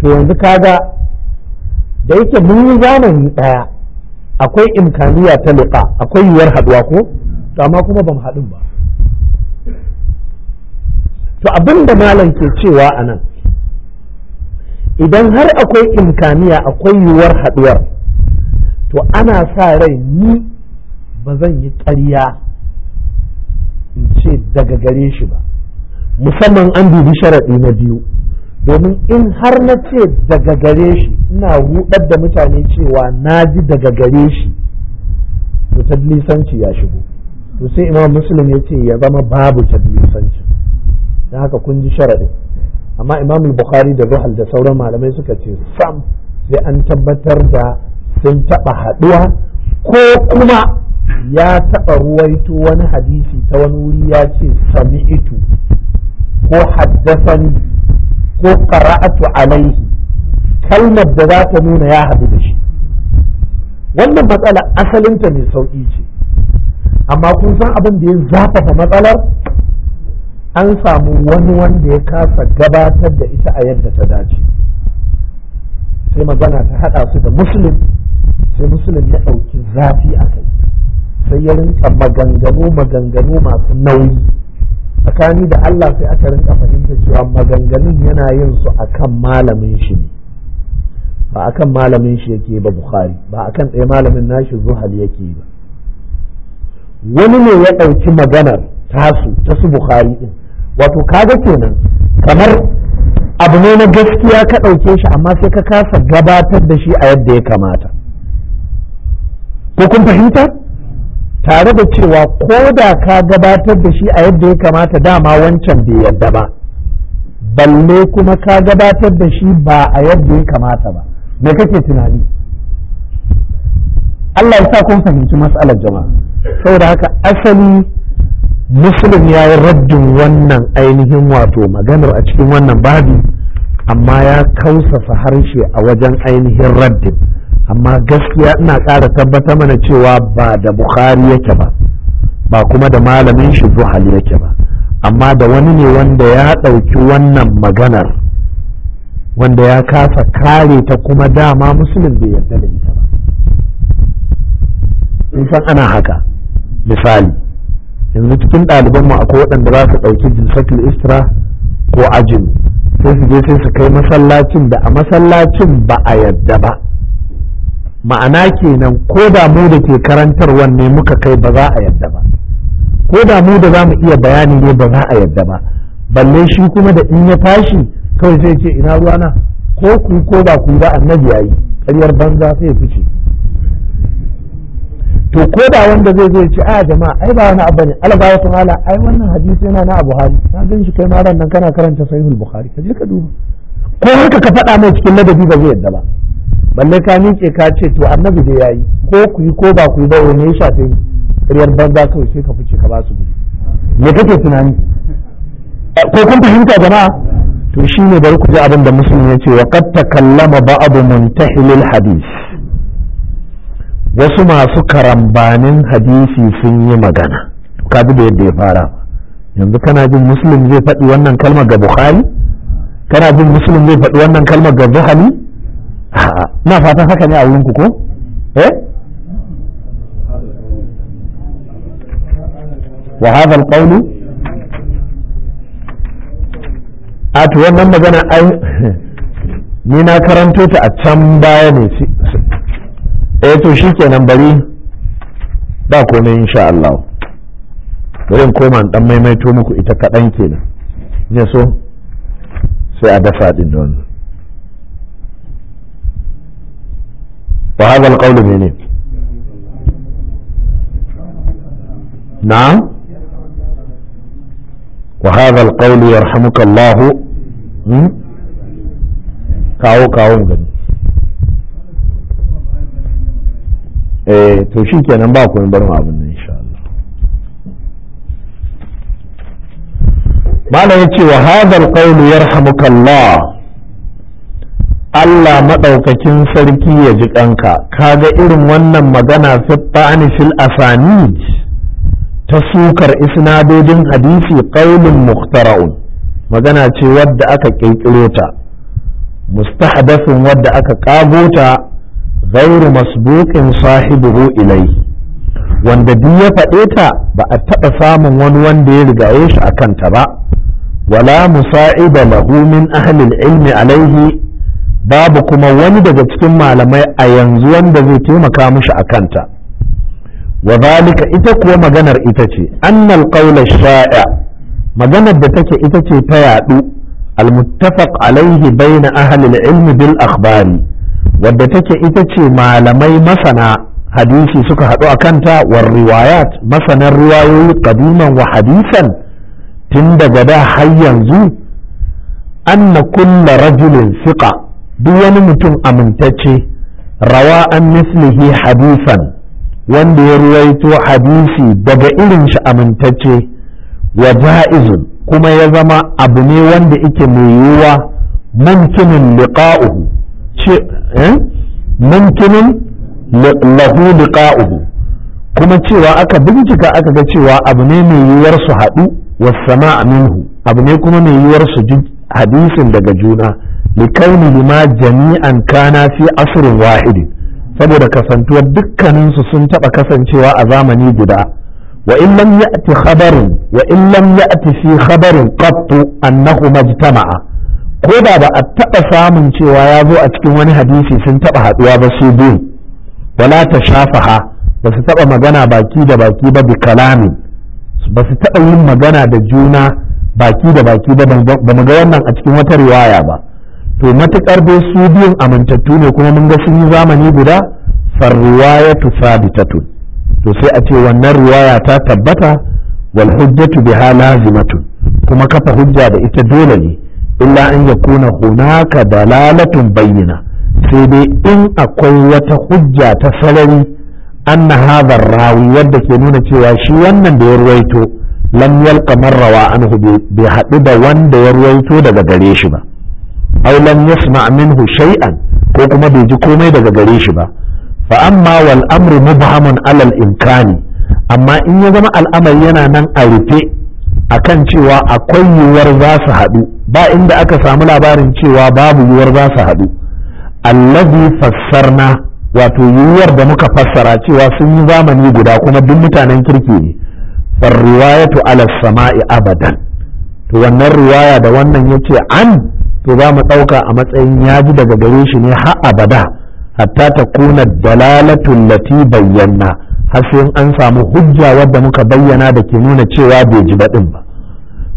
S1: to yanzu kaga da yake mun yi zamani ɗaya akwai imkaniya ta liƙa akwai yiwuwar haɗuwa ko to amma kuma ba mu haɗin ba to abin da malam ke cewa a nan idan har akwai imkaniya akwai yiwuwar haɗuwar to ana sa rai ni ba zan yi ƙarya in ce daga gare shi ba musamman an dubi sharaɗi na biyu domin in har na ce daga gare shi ina rudar da mutane cewa na ji daga gare shi to lisanci ya shigo to sai imam muslim ya ce ya zama babu tadlisanci don haka kun ji sharaɗi amma imam bukhari da zuhal da sauran malamai suka ce sam sai an tabbatar da sun taɓa haɗuwa ko kuma ya taɓa ruwaito wani hadisi ta wani wuri ya ce sami itu ko haddasani ko fara'atu alaihi kalmar da za ta nuna ya haɗu da shi wannan matsala asalinta mai sauƙi ce amma kun san abin da ya zafafa matsalar an samu wani wanda ya kasa gabatar da ita a yadda ta dace sai magana ta haɗa su da musulun sai musulun ya ɗauki zafi a kai sai ya rinka maganganu maganganu masu nauyi tsakani da Allah sai aka rinka fahimta cewa maganganun yana yin su akan malamin shi ne ba akan malamin shi yake ba Bukhari ba akan ɗaya malamin nashi Zuhal yake ba wani ne ya ɗauki maganar tasu ta su bukari ɗin wato kaga kenan kamar abu ne na gaskiya ka ɗauke shi amma sai ka kasa gabatar da shi a yadda ya kamata ko kun fahimta tare da cewa ko da ka gabatar da shi a yadda ya kamata dama wancan bai yadda ba balle kuma ka gabatar da shi ba a yadda ya kamata ba me kake tunani Allah ya sa kun fahimci matsalar jama'a saboda haka asali muslim ya yi raddin wannan ainihin wato maganar a cikin wannan babi amma ya kausasa harshe a wajen ainihin raddin amma gaskiya ina ƙara tabbata mana cewa ba da bukhari yake ba ba kuma da malamin shi zuhal yake ba amma da wani ne wanda ya ɗauki wannan maganar wanda ya kasa kare ta kuma dama musulun bai yarda da ita ba sun san ana haka misali yanzu cikin ɗaliban mu akwai waɗanda za su ɗauki jinsakil istira ko ajin sai su je sai su kai masallacin da a masallacin ba a yadda ba ma'ana kenan ko da mu da ke karantarwa ne muka kai ba za a yadda ba ko da mu da za mu iya bayani ne ba za a yadda ba balle shi kuma da in ya tashi kawai zai ce ina ruwana ko ku ko ba ku ba annabi yayi ƙaryar banza sai ya fice to ko da wanda zai zo ce a ah, jama'a ai ba wani abu ne albawa ta mala ai wannan hadisi yana na buhari na gan shi kai ma ran nan kana karanta sahihul buhari ka je ka duba ko haka ka faɗa mai cikin ladabi ba zai yadda ba balle ka miƙe ka ce to annabi da yayi ko ku yi ko ba ku yi ba wani ya shafe riyar banza kawai sai ka fice ka ba su gudu me kake tunani ko kun fahimta jama'a to shine bari ku ji abin da musulmi ya ce wa qad takallama ba'd muntahilil hadith wasu masu karambanin hadisi sun yi magana ka bi da yadda ya fara yanzu kana jin muslim zai faɗi wannan kalmar ga bukhari kana jin muslim zai faɗi wannan kalmar ga buhari na fatan haka ne a wurinku ko eh wa hadha alqawlu a wannan magana ai *laughs* ni na karanto ta a can baya ne eh to shikenan bari ba komai insha Allah bari koma dan maimaito muku ita kaɗan kenan ya so sai a dafa din da wannan wa hadha alqawl mene na'am wa hadha yarhamuka Allah hmm? kawo kawon gani Eh, to shi kenan ba ku mu abin nan insha Allah malamin yace wa hadal yarhamukallah Allah madaukakin sarki ya ji kanka kaga irin wannan magana fittani fil asanid ta sukar isnadodin hadisi qaulun muhtara'un magana ce wadda aka kirkiro ta mustahdathun wadda aka kago ta ghairu masbuqin sahibuhu ilai wanda duk ya faɗe ta ba a taɓa samun wani wanda ya rigaye shi a kanta ba wala musa'ida lahu min ahlil ilmi alaihi babu kuma wani daga cikin malamai a yanzu wanda zai taimaka mishi a kanta wa zalika ita kuwa maganar ita ce annal qawla sha'a maganar da take ita ce ta yadu al muttafaq alaihi bayna ahlil ilmi bil akhbari wadda take ita ce malamai masana hadisi suka haɗu a kanta war riwayat masanan riwayoyi qadiman wa hadisan tun daga da har yanzu anna kulla rajulin siqa duk wani mutum amintacce rawa an mislihi hadisan wanda ya ruwaito hadisi daga irin shi amintacce wa ja'izun kuma ya zama abu ne wanda yake mai yiwuwa mumkinin liqa'uhu Eh? mumkinin lahu liqa'uhu kuma cewa aka bincika aka ga cewa abu ne mai yiwuwar su haɗu wasama minhu abu ne kuma mai yiwuwar su ji hadisin daga juna likauni lima jami'an kana fi asrin wahidin saboda kasantuwar dukkanin su sun taɓa kasancewa a zamani guda wa in lam ya'ti khabarin wa in lam ya'ti fi khabarin qattu annahu majtama'a ko da ba a taɓa samun cewa ya zo a cikin wani hadisi sun taɓa haɗuwa ba su biyu wala ta shafaha ba su taɓa magana baki da baki ba bi kalami ba su taɓa yin magana da juna baki da baki ba ba mu ga wannan a cikin wata riwaya ba to matuƙar dai su biyun amintattu ne kuma mun ga sun yi zamani guda far riwayatu sabitatun to sai a ce wannan riwaya ta tabbata wal hujjatu biha lazimatun kuma kafa hujja da ita dole ne illa an yakuna hunaka lalatun bayyana sai dai in akwai wata hujja ta sarari anna hadha rawi wadda ke nuna cewa shi wannan da ya ruwaito lam yalqa rawa anhu bai haɗu da wanda ya ruwaito daga gare shi ba aw lam yasma minhu shay'an ko kuma bai ji komai daga gare shi ba fa amma wal amru mubhamun alal imkani amma in ya zama al'amari yana nan a rufe akan cewa akwai yiwuwar za su haɗu ba inda aka samu labarin cewa babu yiwuwar za su haɗu allazi fassarna wato yiwuwar da muka fassara cewa sun yi zamani guda kuma duk mutanen kirki ne far riwayatu ala sama'i abadan to wannan riwaya da wannan yace an to za mu ɗauka a matsayin ya ji daga gare shi ne har abada hatta ta kuna dalalatu lati bayyana har sai an samu hujja wadda muka bayyana da ke nuna cewa bai ji baɗin ba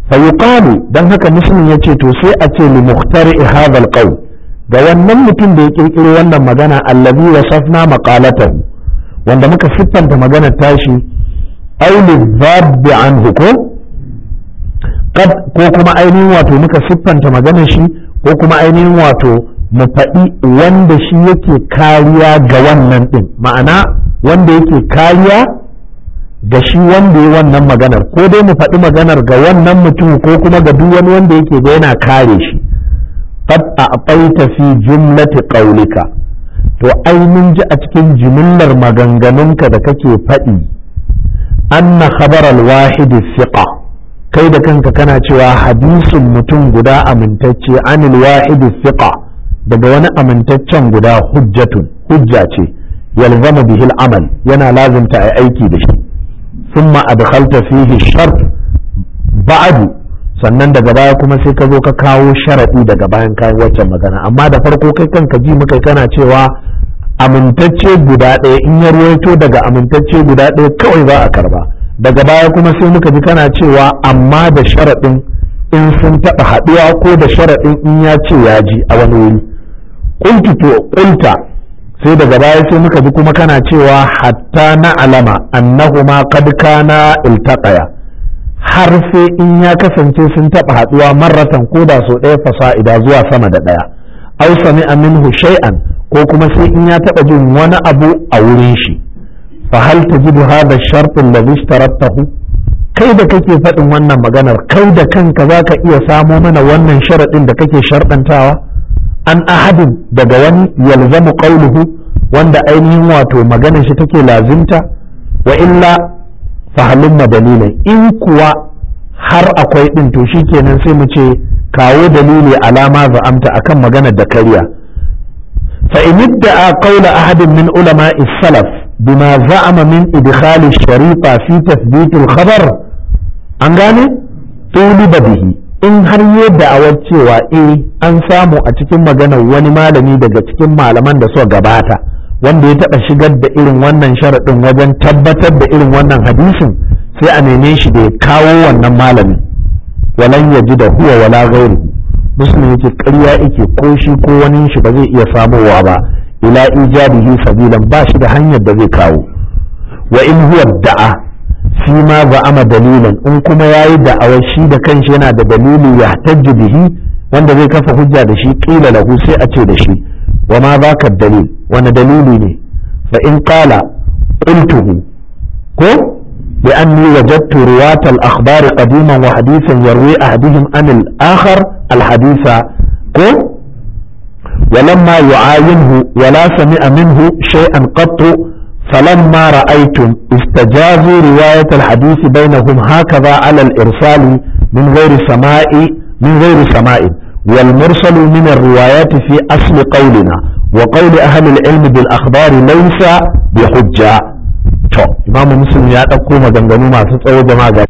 S1: fa yuqalu dan haka muslim yace to sai a ce li muhtari hadha ga wannan mutum da ya kirkiro wannan magana allazi wasafna maqalatan wanda muka siffanta magana tashi aw li dhabbi anhu ko ko kuma ainihin wato muka siffanta magana shi ko kuma ainihin wato mu faɗi wanda shi yake kariya ga wannan ɗin ma'ana wanda yake kariya ga shi wanda ya wannan maganar ko dai mu faɗi maganar ga wannan mutum ko kuma ga duk wani wanda yake ga yana kare shi qad a'taita fi jumlati qaulika to ai mun ji a cikin jimillar maganganunka da kake faɗi anna khabar al-wahid thiqa kai da kanka kana cewa hadisin mutum guda amintacce anil wahid thiqa daga wani amintaccen guda hujjatun hujja ce yalzamu bihi amal yana lazimta a aiki da shi thumma adkhalta fihi shart ba'du sannan daga baya kuma sai ka zo ka kawo sharaɗi daga bayan kayan waccan magana amma da farko kai kanka ji muka kana cewa amintacce guda ɗaya in ya ruwaito daga amintacce guda ɗaya kawai za a karba daga baya kuma sai muka ji kana cewa amma da sharaɗin in sun taɓa haɗuwa ko da sharaɗin in ya ce ya ji a wani wuri kuntu to kunta sai daga baya sai muka ji kuma kana cewa hatta na alama annahuma qad kana iltaqaya har sai in ya kasance sun taɓa haɗuwa marratan ko da so ɗaya fasa'ida zuwa sama da ɗaya aw sami'a Hushai'an shay'an ko kuma sai in ya taɓa jin wani abu a wurin shi fa hal tajidu hadha ash-shart alladhi ishtaratahu kai da kake faɗin wannan maganar kai da kanka zaka iya samo mana wannan sharaɗin da kake sharɗantawa an ahadin daga wani yalzamu qauluhu wanda ainihin wato maganar shi take lazimta wa illa fahalumma dalilai in kuwa har akwai din to shikenan sai mu ce kawo dalili alama za'amta akan maganar da karya fa in idda'a qawla ahadin min ulama salaf bima za'ama min idkhal sharifa fi tathbit al-khabar an gane tuliba bihi in har yi da'awar cewa eh an samu a cikin maganar wani malami daga cikin malaman da suka gabata wanda ya taɓa shigar da irin wannan sharaɗin wajen tabbatar da irin wannan hadisin sai a neme shi da ya kawo wannan malami walan ya ji da huwa wala gauru musulmi yake ƙarya yake ko shi ko wani shi ba zai iya samowa ba ila ijabihi sabilan ba shi da hanyar da zai kawo wa in huwa da'a shi ma za'ama dalilan in kuma yayi da'awar shi da kanshi yana da dalili ya tajji bihi wanda zai kafa hujja da shi qila lahu sai a ce da shi wa ma zaka dalil wani dalili ne fa in qala qultuhu ko bi anni wajadtu ruwat al akhbar qadiman wa hadithan yarwi ahaduhum an al akhar al haditha ko ولما يعاينه ولا سمع منه شيئا قط فلما رأيتم استجازوا رواية الحديث بينهم هكذا على الإرسال من غير سماء من غير سماء والمرسل من الروايات في أصل قولنا وقول أهل العلم بالأخبار ليس بحجة to imamu muslim ya ɗauko maganganu masu tsawo jama'a